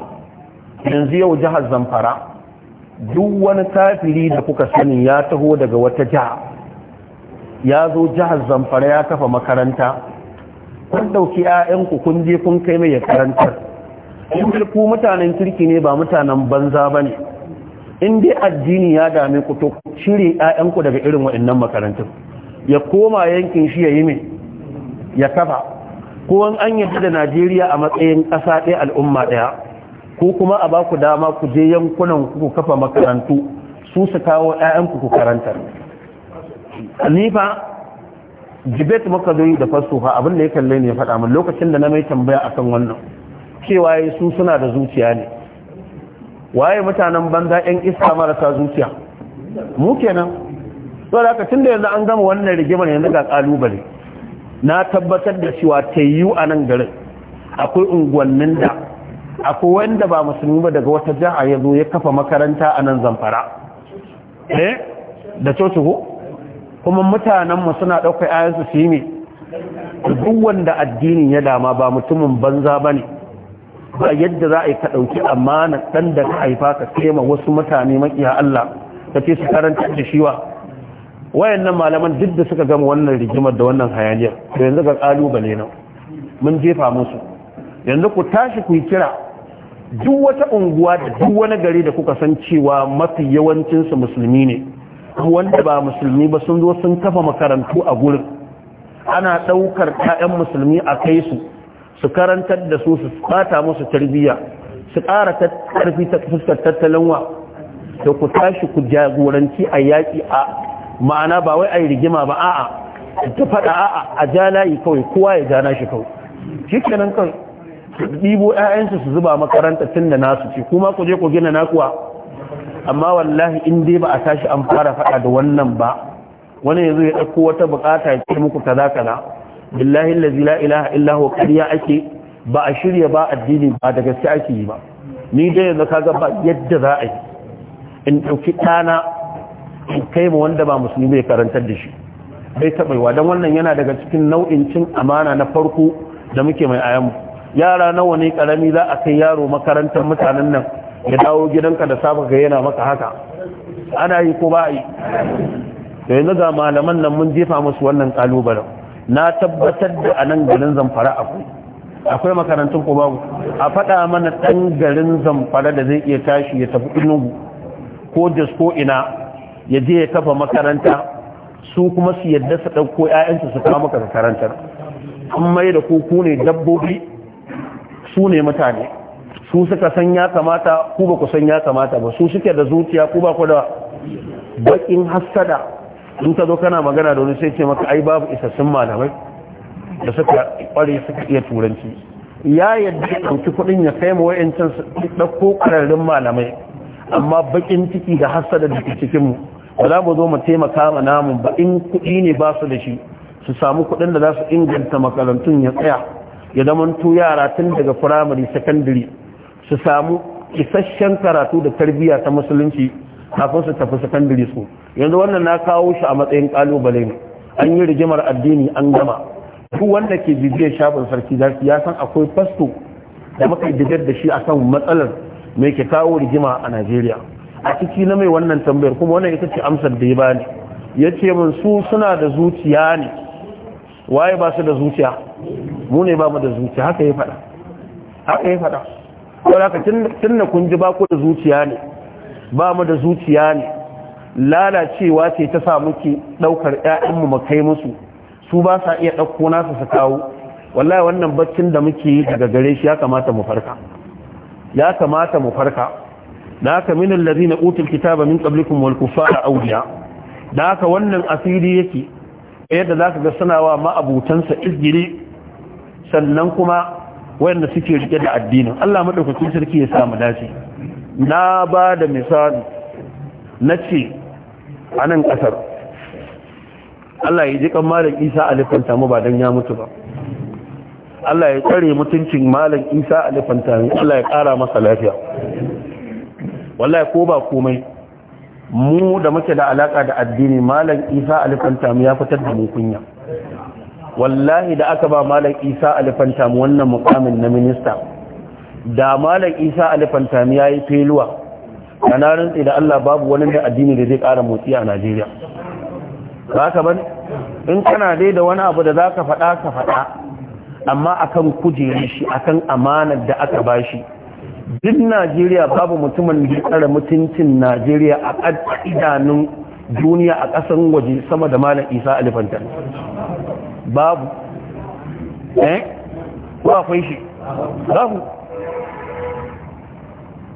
yanzu yau jihar Zamfara duk wani kafiri da kuka sani ya taho daga wata jiha ya zo jihar Zamfara ya kafa makaranta kun ɗauki 'ya'yanku kun je kun kai mai ya karantar in ku mutanen kirki ne ba mutanen banza ba ne in dai addini ya dame ku to shiri 'ya'yanku daga irin waɗannan makarantun ya koma yankin shi ya yi mai ya kafa ko an yadda da najeriya a matsayin ƙasa ɗaya al'umma ɗaya ko kuma a ba ku dama ku je yankunan ku kafa makarantu su su kawo 'ya'yanku ku karantar fa jibet muka zo da fasuha abin da ya kalle ne ya faɗa min lokacin da na mai tambaya akan wannan cewa yi su suna da zuciya ne waye mutanen banza yan iska marasa zuciya mu kenan to da tunda yanzu an gama wannan rigimar yanzu ga kalubale na tabbatar da cewa tayyu a nan garin akwai unguwannin da akwai wanda ba musulmi ba daga wata jiha ya zo ya kafa makaranta a nan zamfara eh da coci ko kuma mutanenmu suna ɗaukar ayansu su yi ne duk wanda addinin ya dama ba mutumin banza ba ne ba yadda za a yi ka ɗauki amana ɗan da ka haifa ka kema wasu mutane makiya Allah ka ce su karanta da shiwa wayannan malaman duk da suka gama wannan rigimar da wannan hayaniyar to yanzu ga kalubale nan mun jefa musu yanzu ku tashi ku kira duk wata unguwa da duk wani gari da kuka san cewa mafi yawancinsu musulmi ne wanda ba musulmi ba sun zo sun kafa makarantu a gurin ana ɗaukar 'ya'yan musulmi a kai su su karantar da su su fata musu tarbiyya su ƙara ƙarfi ta fuskar tattalin wa da ku tashi ku jagoranci a yaƙi a ma'ana ba wai a yi rigima ba a'a ta faɗa a'a a ja layi kawai kowa ya gana shi kawai shi kan ɗibo 'ya'yansu su zuba makaranta tun da nasu ce kuma ku je ku gina nakuwa amma wallahi in dai ba a tashi an fara faɗa da wannan ba wani yanzu ya ɗauko wata buƙata ya ce muku kaza kaza billahi la ilaha illa huwa qariya ake ba a shirya ba addini ba da gaske ake yi ba ni dai yanzu kaga ba yadda za a yi in ɗauki ɗana in kai mu wanda ba musulmi ya karantar da shi bai taɓaiwa don wannan yana daga cikin nau'in cin amana na farko da muke mai ayanmu. yara nawa ne karami za a kai yaro makarantar mutanen nan ya dawo gidanka da safa ga yana maka haka ana yi ko ba yi da yanzu ga malaman nan mun jefa musu wannan kalubalen na tabbatar da a nan garin zamfara akwai akwai makarantun ko babu a faɗa mana ɗan garin zamfara da zai iya tashi ya tafi inugu ko da ko ina ya je ya kafa makaranta su kuma su yadda su ɗauko 'ya'yansu su kama maka karantar an mai da ku ne dabbobi su ne mutane su suka san ya kamata ku ba ku san ya kamata ba su suke da zuciya ku ba ku da bakin hassada in ta zo kana magana da wani sai ce maka ai babu isassun malamai da suka kware suka iya turanci ya yadda ya ɗauki kuɗin ya kai ma wayancan su ɗauko ƙwararrun malamai amma bakin ciki da hassada da ke cikin mu ba za mu zo mu taimaka ma namun ba in kuɗi ne ba su da shi su samu kuɗin da za su inganta makarantun ya tsaya ya zamanto yara tun daga firamare sakandare su samu isasshen karatu da tarbiyya ta musulunci kafin su tafi secondary su. yanzu wannan na kawo shi a matsayin kalubale ne an yi rigimar addini an gama duk wanda ke bibiyar shafin sarki zaki ya san akwai fasto da muka da shi a kan matsalar mai ke kawo rigima a Najeriya a ciki na mai wannan tambayar kuma wannan ita ce amsar da ya bani ya ce min su suna da zuciya ne waye ba su da zuciya mu ne ba mu da zuciya haka ya faɗa haka ya faɗa saboda ka tunna kun ji ba da zuciya ne ba mu da zuciya ne lalacewa ce ta sa muke ɗaukar ‘ya'yanmu mu kai musu su ba sa iya ɗauko nasu su kawo wallahi wannan baccin da muke yi daga gare shi ya kamata mu farka ya kamata mu farka da haka min allazina na utul kitaba min qablikum wal kufara awliya da haka wannan asiri yake yadda zaka ga sanawa ma abutansa izgiri sannan kuma wayanda suke rike da addinin Allah madaukakin sarki ya samu dace na ba da misali na ce a nan kasar Allah ya ji kan malam Isa alifanta mu ba dan ya mutu ba Allah ya tsare mutuncin malam Isa alifanta Allah ya kara masa lafiya wallahi ko ba komai mu da muke da alaka da addini malam Isa alifanta ya fitar da mu kunya wallahi da aka ba malam isa alifantami wannan mukamin na minista da malam isa alifantami ya yi feluwa da na rantsi da allah babu wani mai addini da zai kara motsi a najeriya ba ka ban in kana dai da wani abu da za ka faɗa ka faɗa amma akan kujerar shi akan amanar da aka ba shi duk najeriya babu mutumin da kara mutuncin najeriya a idanun duniya a ƙasan waje sama da malam isa alifantami babu eh ko akwai shi babu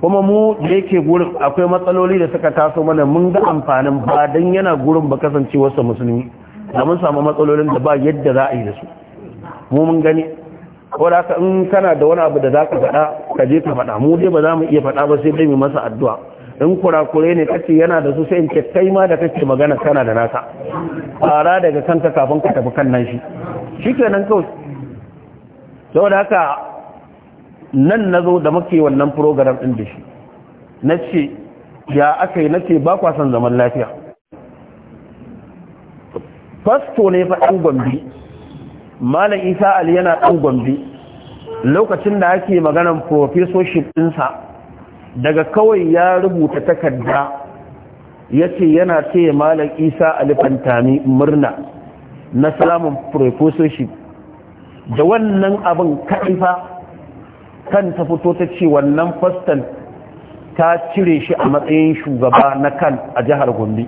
kuma mu da yake gurin akwai matsaloli da suka taso mana mun ga amfanin ba dan yana gurin ba kasance wasu musulmi da mun samu matsalolin da ba yadda za a yi da su mu mun gani ko da in kana da wani abu da za ka faɗa ka je ka faɗa mu dai ba za mu iya faɗa ba sai dai mu masa addu'a in kurakure ne kace yana da su sai in ce kai ma da kake magana kana da naka fara daga kanka kafin ka tafi kan nan shi shikenan kawai saboda haka nan nazo da muke wannan program din da shi nace ya akai nace ba kwa san zaman lafiya fasto ne fa ɗan gombi malam isa ali yana ɗan gombi lokacin da ake maganan professorship ɗinsa daga kawai ya rubuta takarda ya ce yana ce malam isa alifantami murna na salamun professorship da wannan abin kaifa kan ta fito ta ce wannan fastan ta cire shi a matsayin shugaba na kan a jihar gombe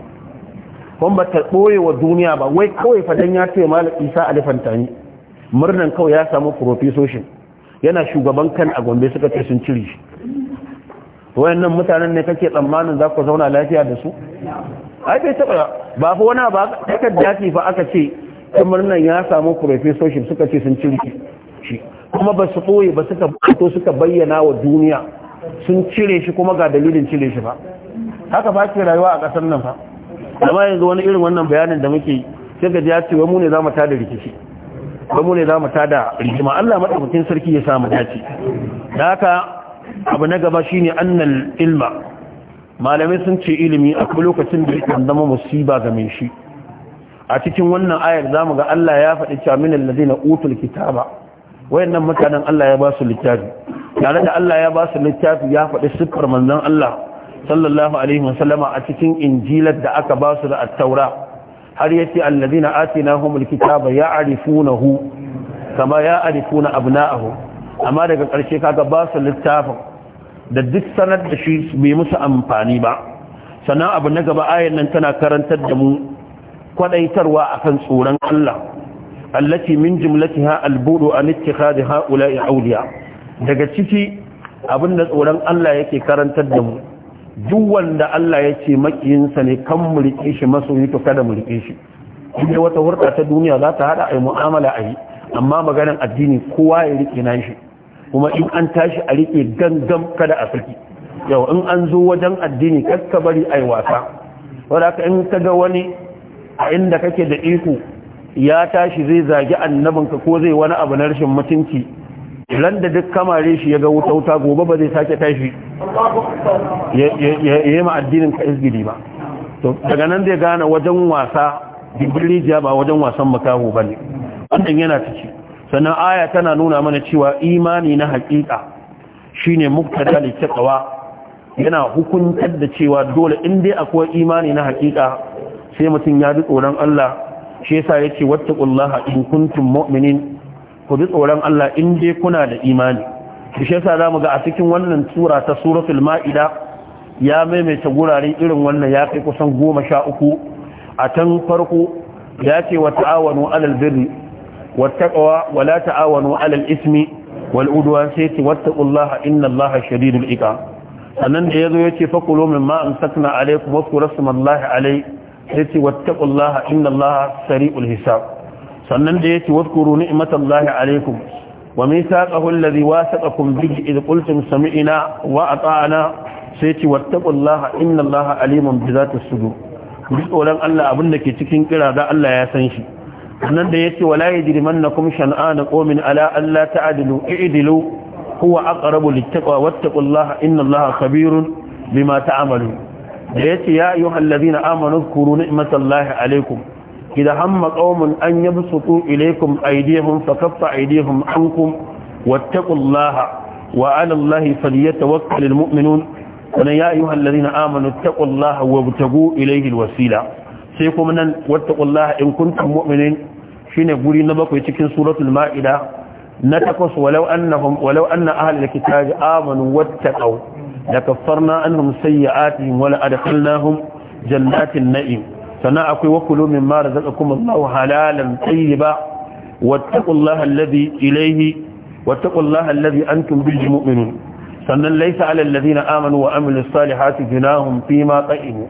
kuma ba ta wa duniya ba wai kawai fadan ya ce malam isa alifantami murnan kawai ya samu professorship yana shugaban kan a gombe suka ce sun cire shi to nan mutanen ne kake tsammanin za ku zauna lafiya da su ai bai taba ba fa wani ba aka dace fa aka ce kamar nan ya samu professorship suka ce sun cire shi kuma ba su ɓoye ba suka fito suka bayyana wa duniya sun cire shi kuma ga dalilin cire shi ba haka fa ke rayuwa a kasar nan fa amma yanzu wani irin wannan bayanin da muke sai ga ya ce wai mu ne za mu tada rikici ba mu ne za mu tada rigima Allah madaukakin sarki ya samu dace da haka abu na gaba shi shine annan ilma malamai sun ce ilimi a kuma lokacin da ya zama musiba ga mai shi a cikin wannan ayar zamu ga Allah ya faɗi cewa min alladhina utul kitaba wayannan mutanen Allah ya ba su littafi tare da Allah ya ba su littafi ya faɗi siffar manzon Allah sallallahu alaihi wasallama a cikin injilar da aka ba su da attaura taura har yace alladhina atinahumul kitaba ya'rifunahu kama ya'rifuna abna'ahum amma daga ƙarshe kaga ba su littafin da duk sanar da shi bai musu amfani ba sannan abu na gaba ayan nan tana karantar da mu kwadaitarwa akan tsoron Allah allati min jumlatiha albudu an ittikhadi haula'i awliya daga ciki abinda tsoron Allah yake karantar da mu duk wanda Allah ya ce makiyinsa ne kan mu rike shi masoyi to kada mu rike shi inda wata hurda ta duniya za ta hada ai mu'amala ai amma maganar addini kowa ya rike nan shi kuma in an tashi a riƙe gangan kada a saki yau in an zo wajen addini kaska bari a yi wasa wadda ka in ka ga wani a inda kake da iko ya tashi zai zagi annabinka ko zai wani abu na rashin mutunci ilan da duk kamare shi ya ga wuta wuta gobe ba zai sake tashi ya yi ma addinin ka izgidi ba to daga nan zai gane wajen wasa digirijiya ba wajen wasan makaho ba ne wannan yana ciki sannan aya tana nuna mana cewa imani na haƙiƙa shine muktada littaqwa yana hukuntar da cewa dole in dai akwai imani na haƙiƙa sai mutum ya ji tsoron Allah shi yasa yace wattaqullaha in kuntum mu'minin ku ji tsoron Allah in dai kuna da imani shi yasa zamu ga a cikin wannan tura ta suratul ma'ida ya maimaita gurare irin wannan ya kai kusan uku, a can farko ya ce wa ta'awanu alal birri wattaqwa wala ta'awanu 'alal ismi wal udwan sai ce wattaqullaha innallaha shadidul iqab sannan da yazo yace fakulu mimma amsakna alaykum waskuru rasmallahi alay sai ce wattaqullaha innallaha sari'ul hisab sannan da yace waskuru ni'matallahi alaykum وميثاقه الذي sai به إذ قلتم سمعنا وأطعنا سيتي واتقوا الله إن الله عليم بذات الصدور بسؤال الله أبنك تكين كلا ذا الله يسنشي nan da yace wala yajrimannakum shan'an qawmin ala alla ta'dilu i'dilu huwa aqrabu littaqwa wattaqullaha innallaha khabirun bima ta'malun da yace ya ayyuhalladhina amanu zkuru ni'matallahi alaykum idan hamma qawmun an yabsutu ilaykum aydihim fakaffa aydihim ankum wattaqullaha wa 'ala allahi falyatawakkalul mu'minun ya ayyuhalladhina amanu ittaqullaha wabtagu ilayhi alwasila sai kuma nan wattaqullaha in kuntum mu'minin shine guri na bakwai cikin suratul ma'ida na takwas walau annahum walau anna ahlul kitabi amanu wattaqaw lakaffarna anhum sayyi'atihim wa la'adkhalnahum jannatin na'im sana akwai wakulu mimma razaqakum Allahu halalan tayyiba wattaqullaha alladhi ilayhi wattaqullaha alladhi antum bihi mu'minun sannan laysa 'alal ladina amanu wa amilus salihati junahum fima qa'imu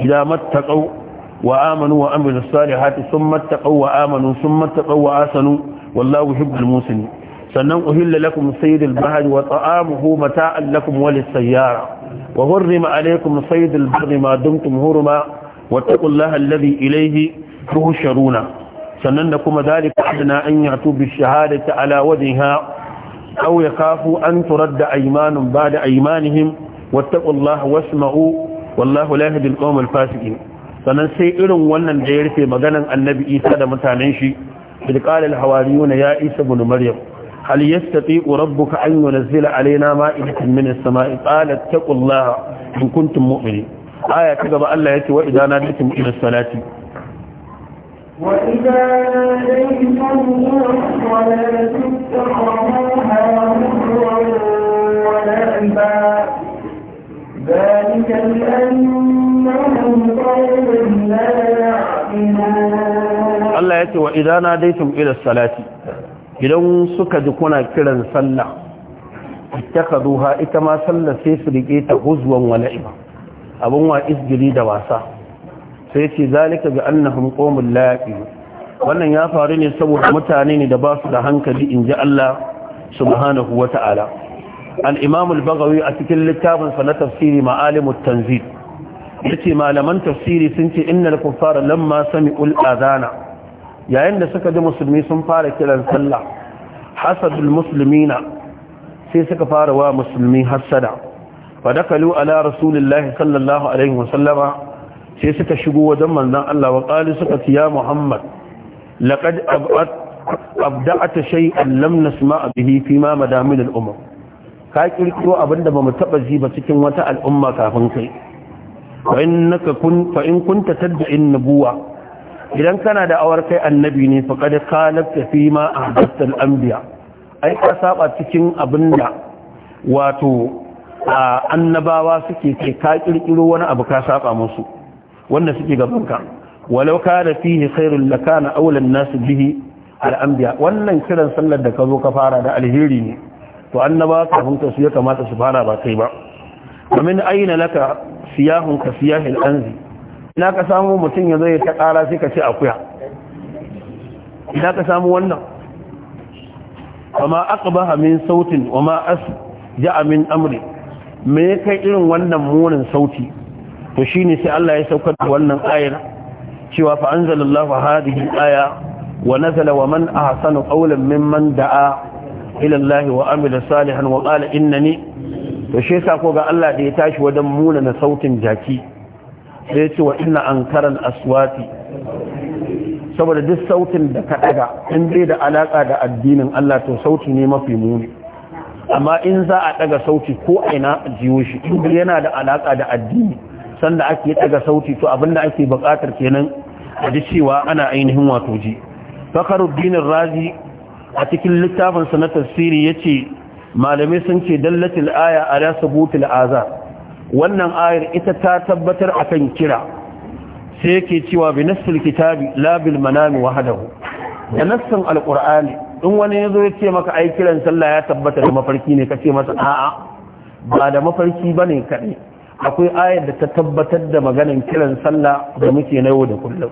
idza mattaqaw وآمنوا وعملوا الصالحات ثم اتقوا وآمنوا ثم اتقوا وآسنوا والله يحب المحسنين sannan uhilla lakum saydul bahri wa ta'amuhu mata'an lakum wa lis-sayyara wa hurrima alaykum saydul bahri ma dumtum hurma wattaqullaha alladhi ilayhi tuhsharuna sannan da kuma dalika adna an yatu bish-shahadati ala wajhiha aw yakhafu an turadda aymanun ba'da aymanihim wattaqullaha wasma'u wallahu la yahdi al sannan sai irin wannan da ya rufe maganan annabi isa da mutanen shi bilqal alhawariyuna ya isa ibn maryam hal yastati'u rabbuka an yunzila alaina ma'idatan min as-sama'i qalat taqullaha in kuntum mu'minin aya ta gaba Allah yace wa idana bikum ila salati وإذا ناديتم ولا تتخذوها هزوا ذلك الأنبا Allah ya ce wa idan na daitum ila salati idan suka ji kuna kiran sallah ittakhaduha ita ma sallah sai su rike ta huzwan wa la'iba abun wa isgili da wasa sai ce zalika bi annahum qawmul laqi wannan ya faru ne saboda mutane ne da ba su da hankali in ji Allah subhanahu wa ta'ala al-imam al-baghawi a cikin littafin sa na tafsiri ma'alimut tanzil ce malaman tafsiri sun ce innal kuffara lamma sami adana yayin da suka ji musulmi sun fara kiran sallah hasadul muslimina sai suka fara wa musulmi hasada fa dakalu ala rasulillahi sallallahu alaihi wasallama sai suka shigo wajen manzon Allah wa qali suka ce ya muhammad laqad abat abda'ata shay'an lam nasma'a bihi fi ma madamin al-umam ka kirkiro abinda bamu taba ji ba cikin wata al'umma kafin kai fa innaka kun in kunta nubuwa idan kana da awar kai annabi ne fa kad kalafta fi ma a hadastar ambiya. ai ka saba cikin abinda wato annabawa suke ke ka kirkiro wani abu ka saba musu wanda suke gaban ka walau sairun da ka na awlan nas bihi al wannan kiran sallar da ka zo ka fara da alheri ne to annabawa kafin ka su ya kamata su fara ba kai ba domin aina laka siyahun ka siyahin anzi ina ka samu mutum ya zai ta ƙara sai ka ce akuya ina ka samu wannan amma aka ba min sautin wa ma as ja min amri me ya kai irin wannan munin sauti to shine sai Allah ya saukar da wannan ayar cewa fa anzalallahu hadhihi aya wa nazala wa man ahsanu qawlan mimman da'a ila Allah wa amila salihan wa qala innani to shi yasa ko ga Allah da ya tashi wajen muna na sautin jaki sai ce wa inna karan aswati saboda duk sautin da ka daga in bai da alaka da addinin Allah to sauti ne mafi muni amma in za a daga sauti ko a jiwo shi in yana da alaka da addini sanda ake daga sauti to abinda ake bukatar kenan a ji cewa ana ainihin wato ji fakaruddin razi a cikin littafin sanatar na tafsiri yace malamai sun ce dallatul aya ala subutul azar wannan ayar ita ta tabbatar a kan kira sai yake cewa bi nassil kitabi la bil manami wahdahu da nassun alqur'ani in wani ya zo ya ce maka ai kiran sallah ya tabbata da mafarki ne kace masa a'a ba da mafarki ba ne kaɗai. akwai ayar da ta tabbatar da maganan kiran sallah da muke na yau da kullum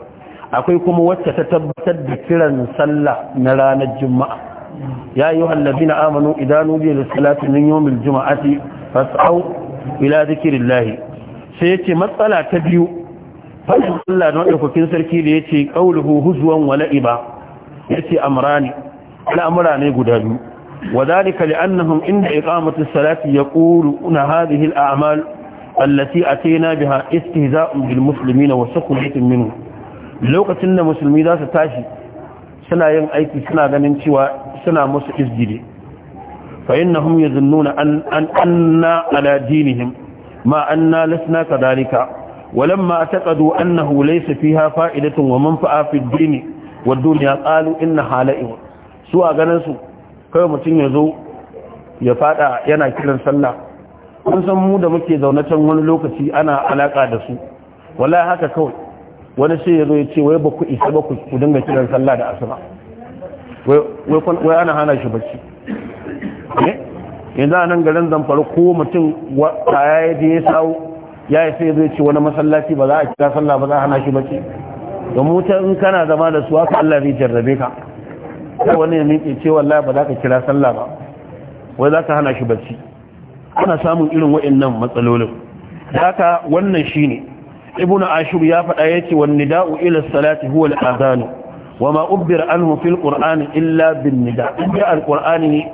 akwai kuma wacce ta tabbatar da kiran sallah na ranar juma'a ya yi wallazina amanu idanu biyu da salatu min yawmil juma'ati fas'au ila zikirillahi sai yace matsala ta biyu fadin Allah don ɗaukakin sarki da yace qauluhu huzwan wa la'iba ne guda biyu وذلك لأنهم إن إقامة الصلاة يقولون هذه الأعمال التي أتينا بها استهزاء بالمسلمين وسخرية منهم لو كنا مسلمين ذا ستاشي سنة ين سنة غنين suna musu izgiri fa inna hum yazunnuna an anna ala dinihim ma anna lasna kadhalika walamma ataqadu annahu laysa fiha fa'idatun wa manfa'a fi dini wa dunya qalu inna halaiwa su a ganin su mutum mutun yazo ya faɗa yana kiran sallah kun san mu da muke zaune can wani lokaci ana alaka da su wallahi haka kawai wani sai yazo ya ce wai ba ku isa ba ku dinga kiran sallah da asuba wai ana hana shi bacci eh? yanzu a nan garin zamfara ko mutum ya yi ya sau ya yi sai zai ce wani masallaci ba za a kira sallah ba za a hana shi bacci da mutu in kana zama da su haka Allah zai jarrabe ka ko wani ya miƙe ce wallahi ba za ka kira sallah ba wai za ka hana shi bacci ana samun irin waɗannan matsalolin haka wannan shine ibnu ashur ya faɗa ya ce wani da'u ila salati huwa al-adhanu wa ma ubbir anhu illa bin nida inda alqur'ani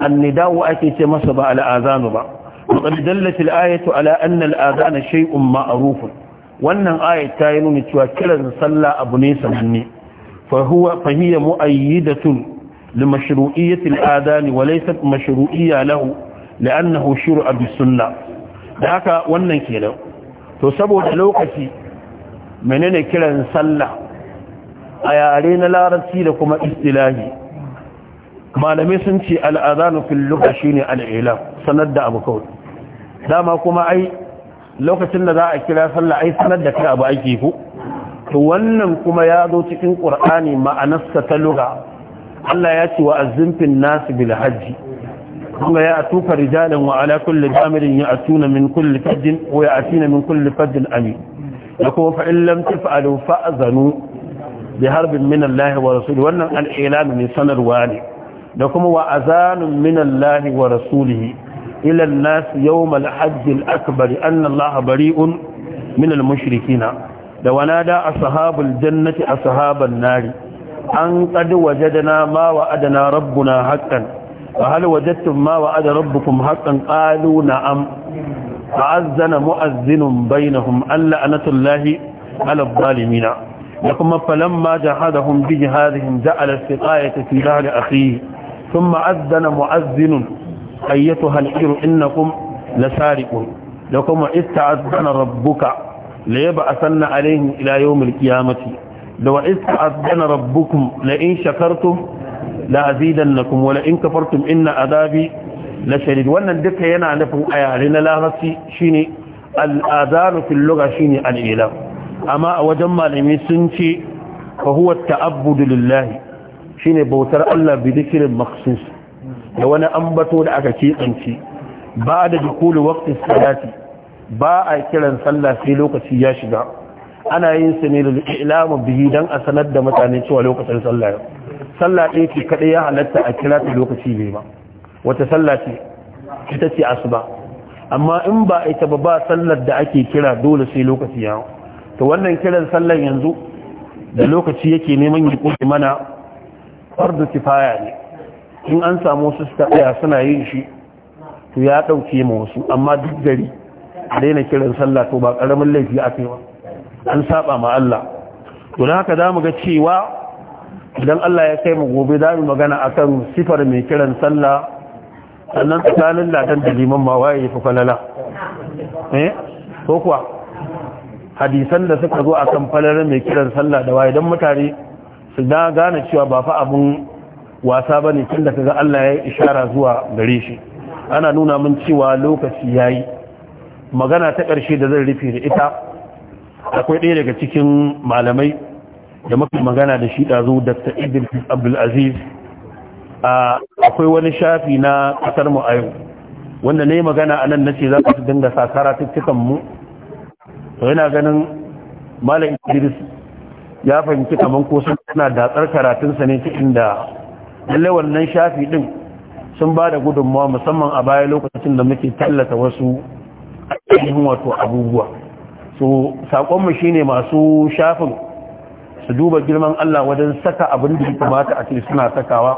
annida wa ake ce masa ba al'azanu ba qad dallat al'ayatu ala anna al'azana shay'un ma'ruf wannan ayat ta yi nuna cewa kiran sallah abu ne sananne fa huwa fa hiya mu'ayyidatun لمشروعية الآذان وليست مشروعية له لأنه شرع بالسنة ذاك wannan kenan to saboda lokaci menene kiran sallah a yare na larabci da kuma istilahi malamai sun ce al'azanu fil luka shine al'ila sanar da abu kawai dama kuma ai lokacin da za a kira sallah ai sanar da kai abu ake ku to wannan kuma ya zo cikin qur'ani ma'anarsa ta lugha Allah ya ce wa azzimfin nas bil hajji kuma ya atuka rijalan wa ala kulli damirin ya atuna min kulli fajjin wa ya atina min kulli fajjin ali da kuma fa in lam taf'alu fa'zanu bi harbin min Allah wannan al-ilan ne sanarwa ne da kuma wa azanun min Allah wa rasulihi ila da wanada jannati ashaban nari an فهل وجدتم ما وعد ربكم حقا قالوا نعم فأذن مؤذن بينهم الله على الظالمين da kuma falon ma jahada hun biji harihin ja'ala su kaya tafi lari a fiye sun ma'azzana mu'azzinun ayyato halittu innakun lasarikun da kuma ista azzana rabbuka la yaba a sannan alaihin ilayen mulki ya mace da wa ista azzana rabbukun la'in shakartun la'azidan na kuma la'in kafartun inna azabi na shari'id wannan duka yana nufin a na larabci shi ne al'adarufin lura shi ne al'ilam amma a wajen malami sun ce fa huwa ta'abbudu lillahi shine bautar Allah bi dhikrin makhsus da wani ambato da aka keɓance ba da dukulu waqti salati ba a kiran sallah sai lokaci ya shiga ana yin sa ne da ilamu bihi dan a sanar da mutane cewa lokacin sallah sallah ɗaya ce ya halatta a kira ta lokaci ne ba wata sallah ce ita ce asuba amma in ba ita ba ba sallar da ake kira dole sai lokaci yawo to wannan kiran sallan yanzu da lokaci yake neman yi kuke mana ƙwardu kifaya ne in an samu wasu suka tsaya suna yin shi to ya ɗauke ma wasu amma duk gari a daina kiran sallah to ba ƙaramin laifi a kai an saba ma Allah to don haka za mu ga cewa idan Allah ya kai mu gobe za mu magana a kan sifar mai kiran sallah sannan tsakanin ladan da liman ma waye fi falala eh? ko kuwa hadisan da suka zo a kan falalar mai kiran sallah da waye don mutane su da gane cewa ba fa abun wasa ba ne tun da ga Allah ya ishara zuwa gare shi ana nuna min cewa lokaci yayi magana ta ƙarshe da zan rufe da ita akwai ɗaya daga cikin malamai da muka magana da shi ɗazu Dr. Idris Abdul Aziz akwai wani shafi na ƙasar mu a yau wanda ne magana anan ce za ka dinga sa karatuttukan mu to yana ganin malam idris ya fahimci kaman ko suna datsar karatunsa ne cikin da lallai wannan shafi din sun ba da gudunmawa musamman a baya lokacin da muke tallata wasu ainihin wato abubuwa so saƙonmu shine masu shafin su duba girman Allah wajen saka abin da ya mata a ce suna sakawa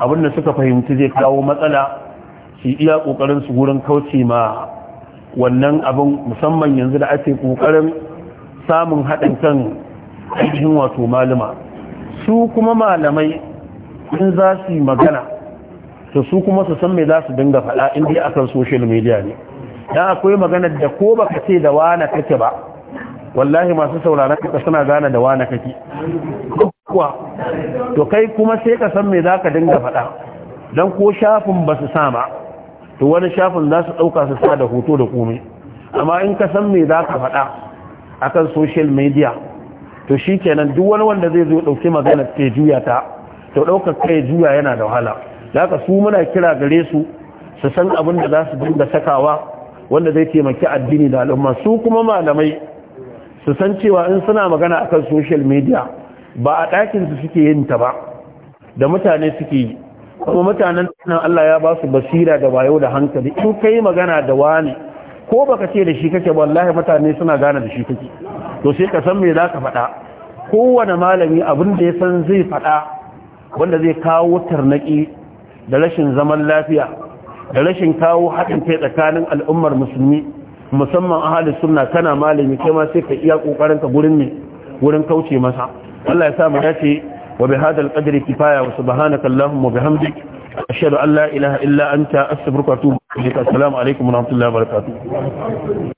abin da suka fahimci zai kawo matsala su iya kokarin su gurin kauce ma wannan abin musamman yanzu da ake kokarin samun haɗin kan ainihin wato malama su kuma malamai in za su magana to su kuma su san mai za su dinga faɗa in ya akan social media ne ya akwai maganar da ko baka ce da wane kake ba wallahi masu sauraron ka suna gane da wane kake kuwa to kai kuma sai ka san mai za ka dinga faɗa don ko shafin ba su sama to wani shafin za su ɗauka su sa da hoto da komai amma in ka san me za ka faɗa akan social media to shi kenan duk wani wanda zai zo ɗauki magana ke juya ta to ɗaukar kai juya yana da wahala da ka su muna kira gare su su san abin da za su dinga sakawa wanda zai taimaki addini da al'umma su kuma malamai su san cewa in suna magana akan social media ba a ɗakin su suke yin ta ba da mutane suke yi kuma mutanen nan Allah ya ba su basira da wayo da hankali in kai magana da wani ko baka ce da shi kake wallahi mutane suna gane da shi kake to sai ka san me za ka faɗa kowane malami abin da ya san zai faɗa wanda zai kawo tarnaki da rashin zaman lafiya da rashin kawo haɗin kai tsakanin al'ummar musulmi musamman ahalin sunna kana malami kai ma sai ka iya kokarin ka gurin ne gurin kauce masa Allah ya sa mu dace وبهذا القدر كفاية وسبحانك اللهم وبحمدك أشهد أن لا إله إلا أنت أستبرك وأتوب إليك السلام عليكم ورحمة الله وبركاته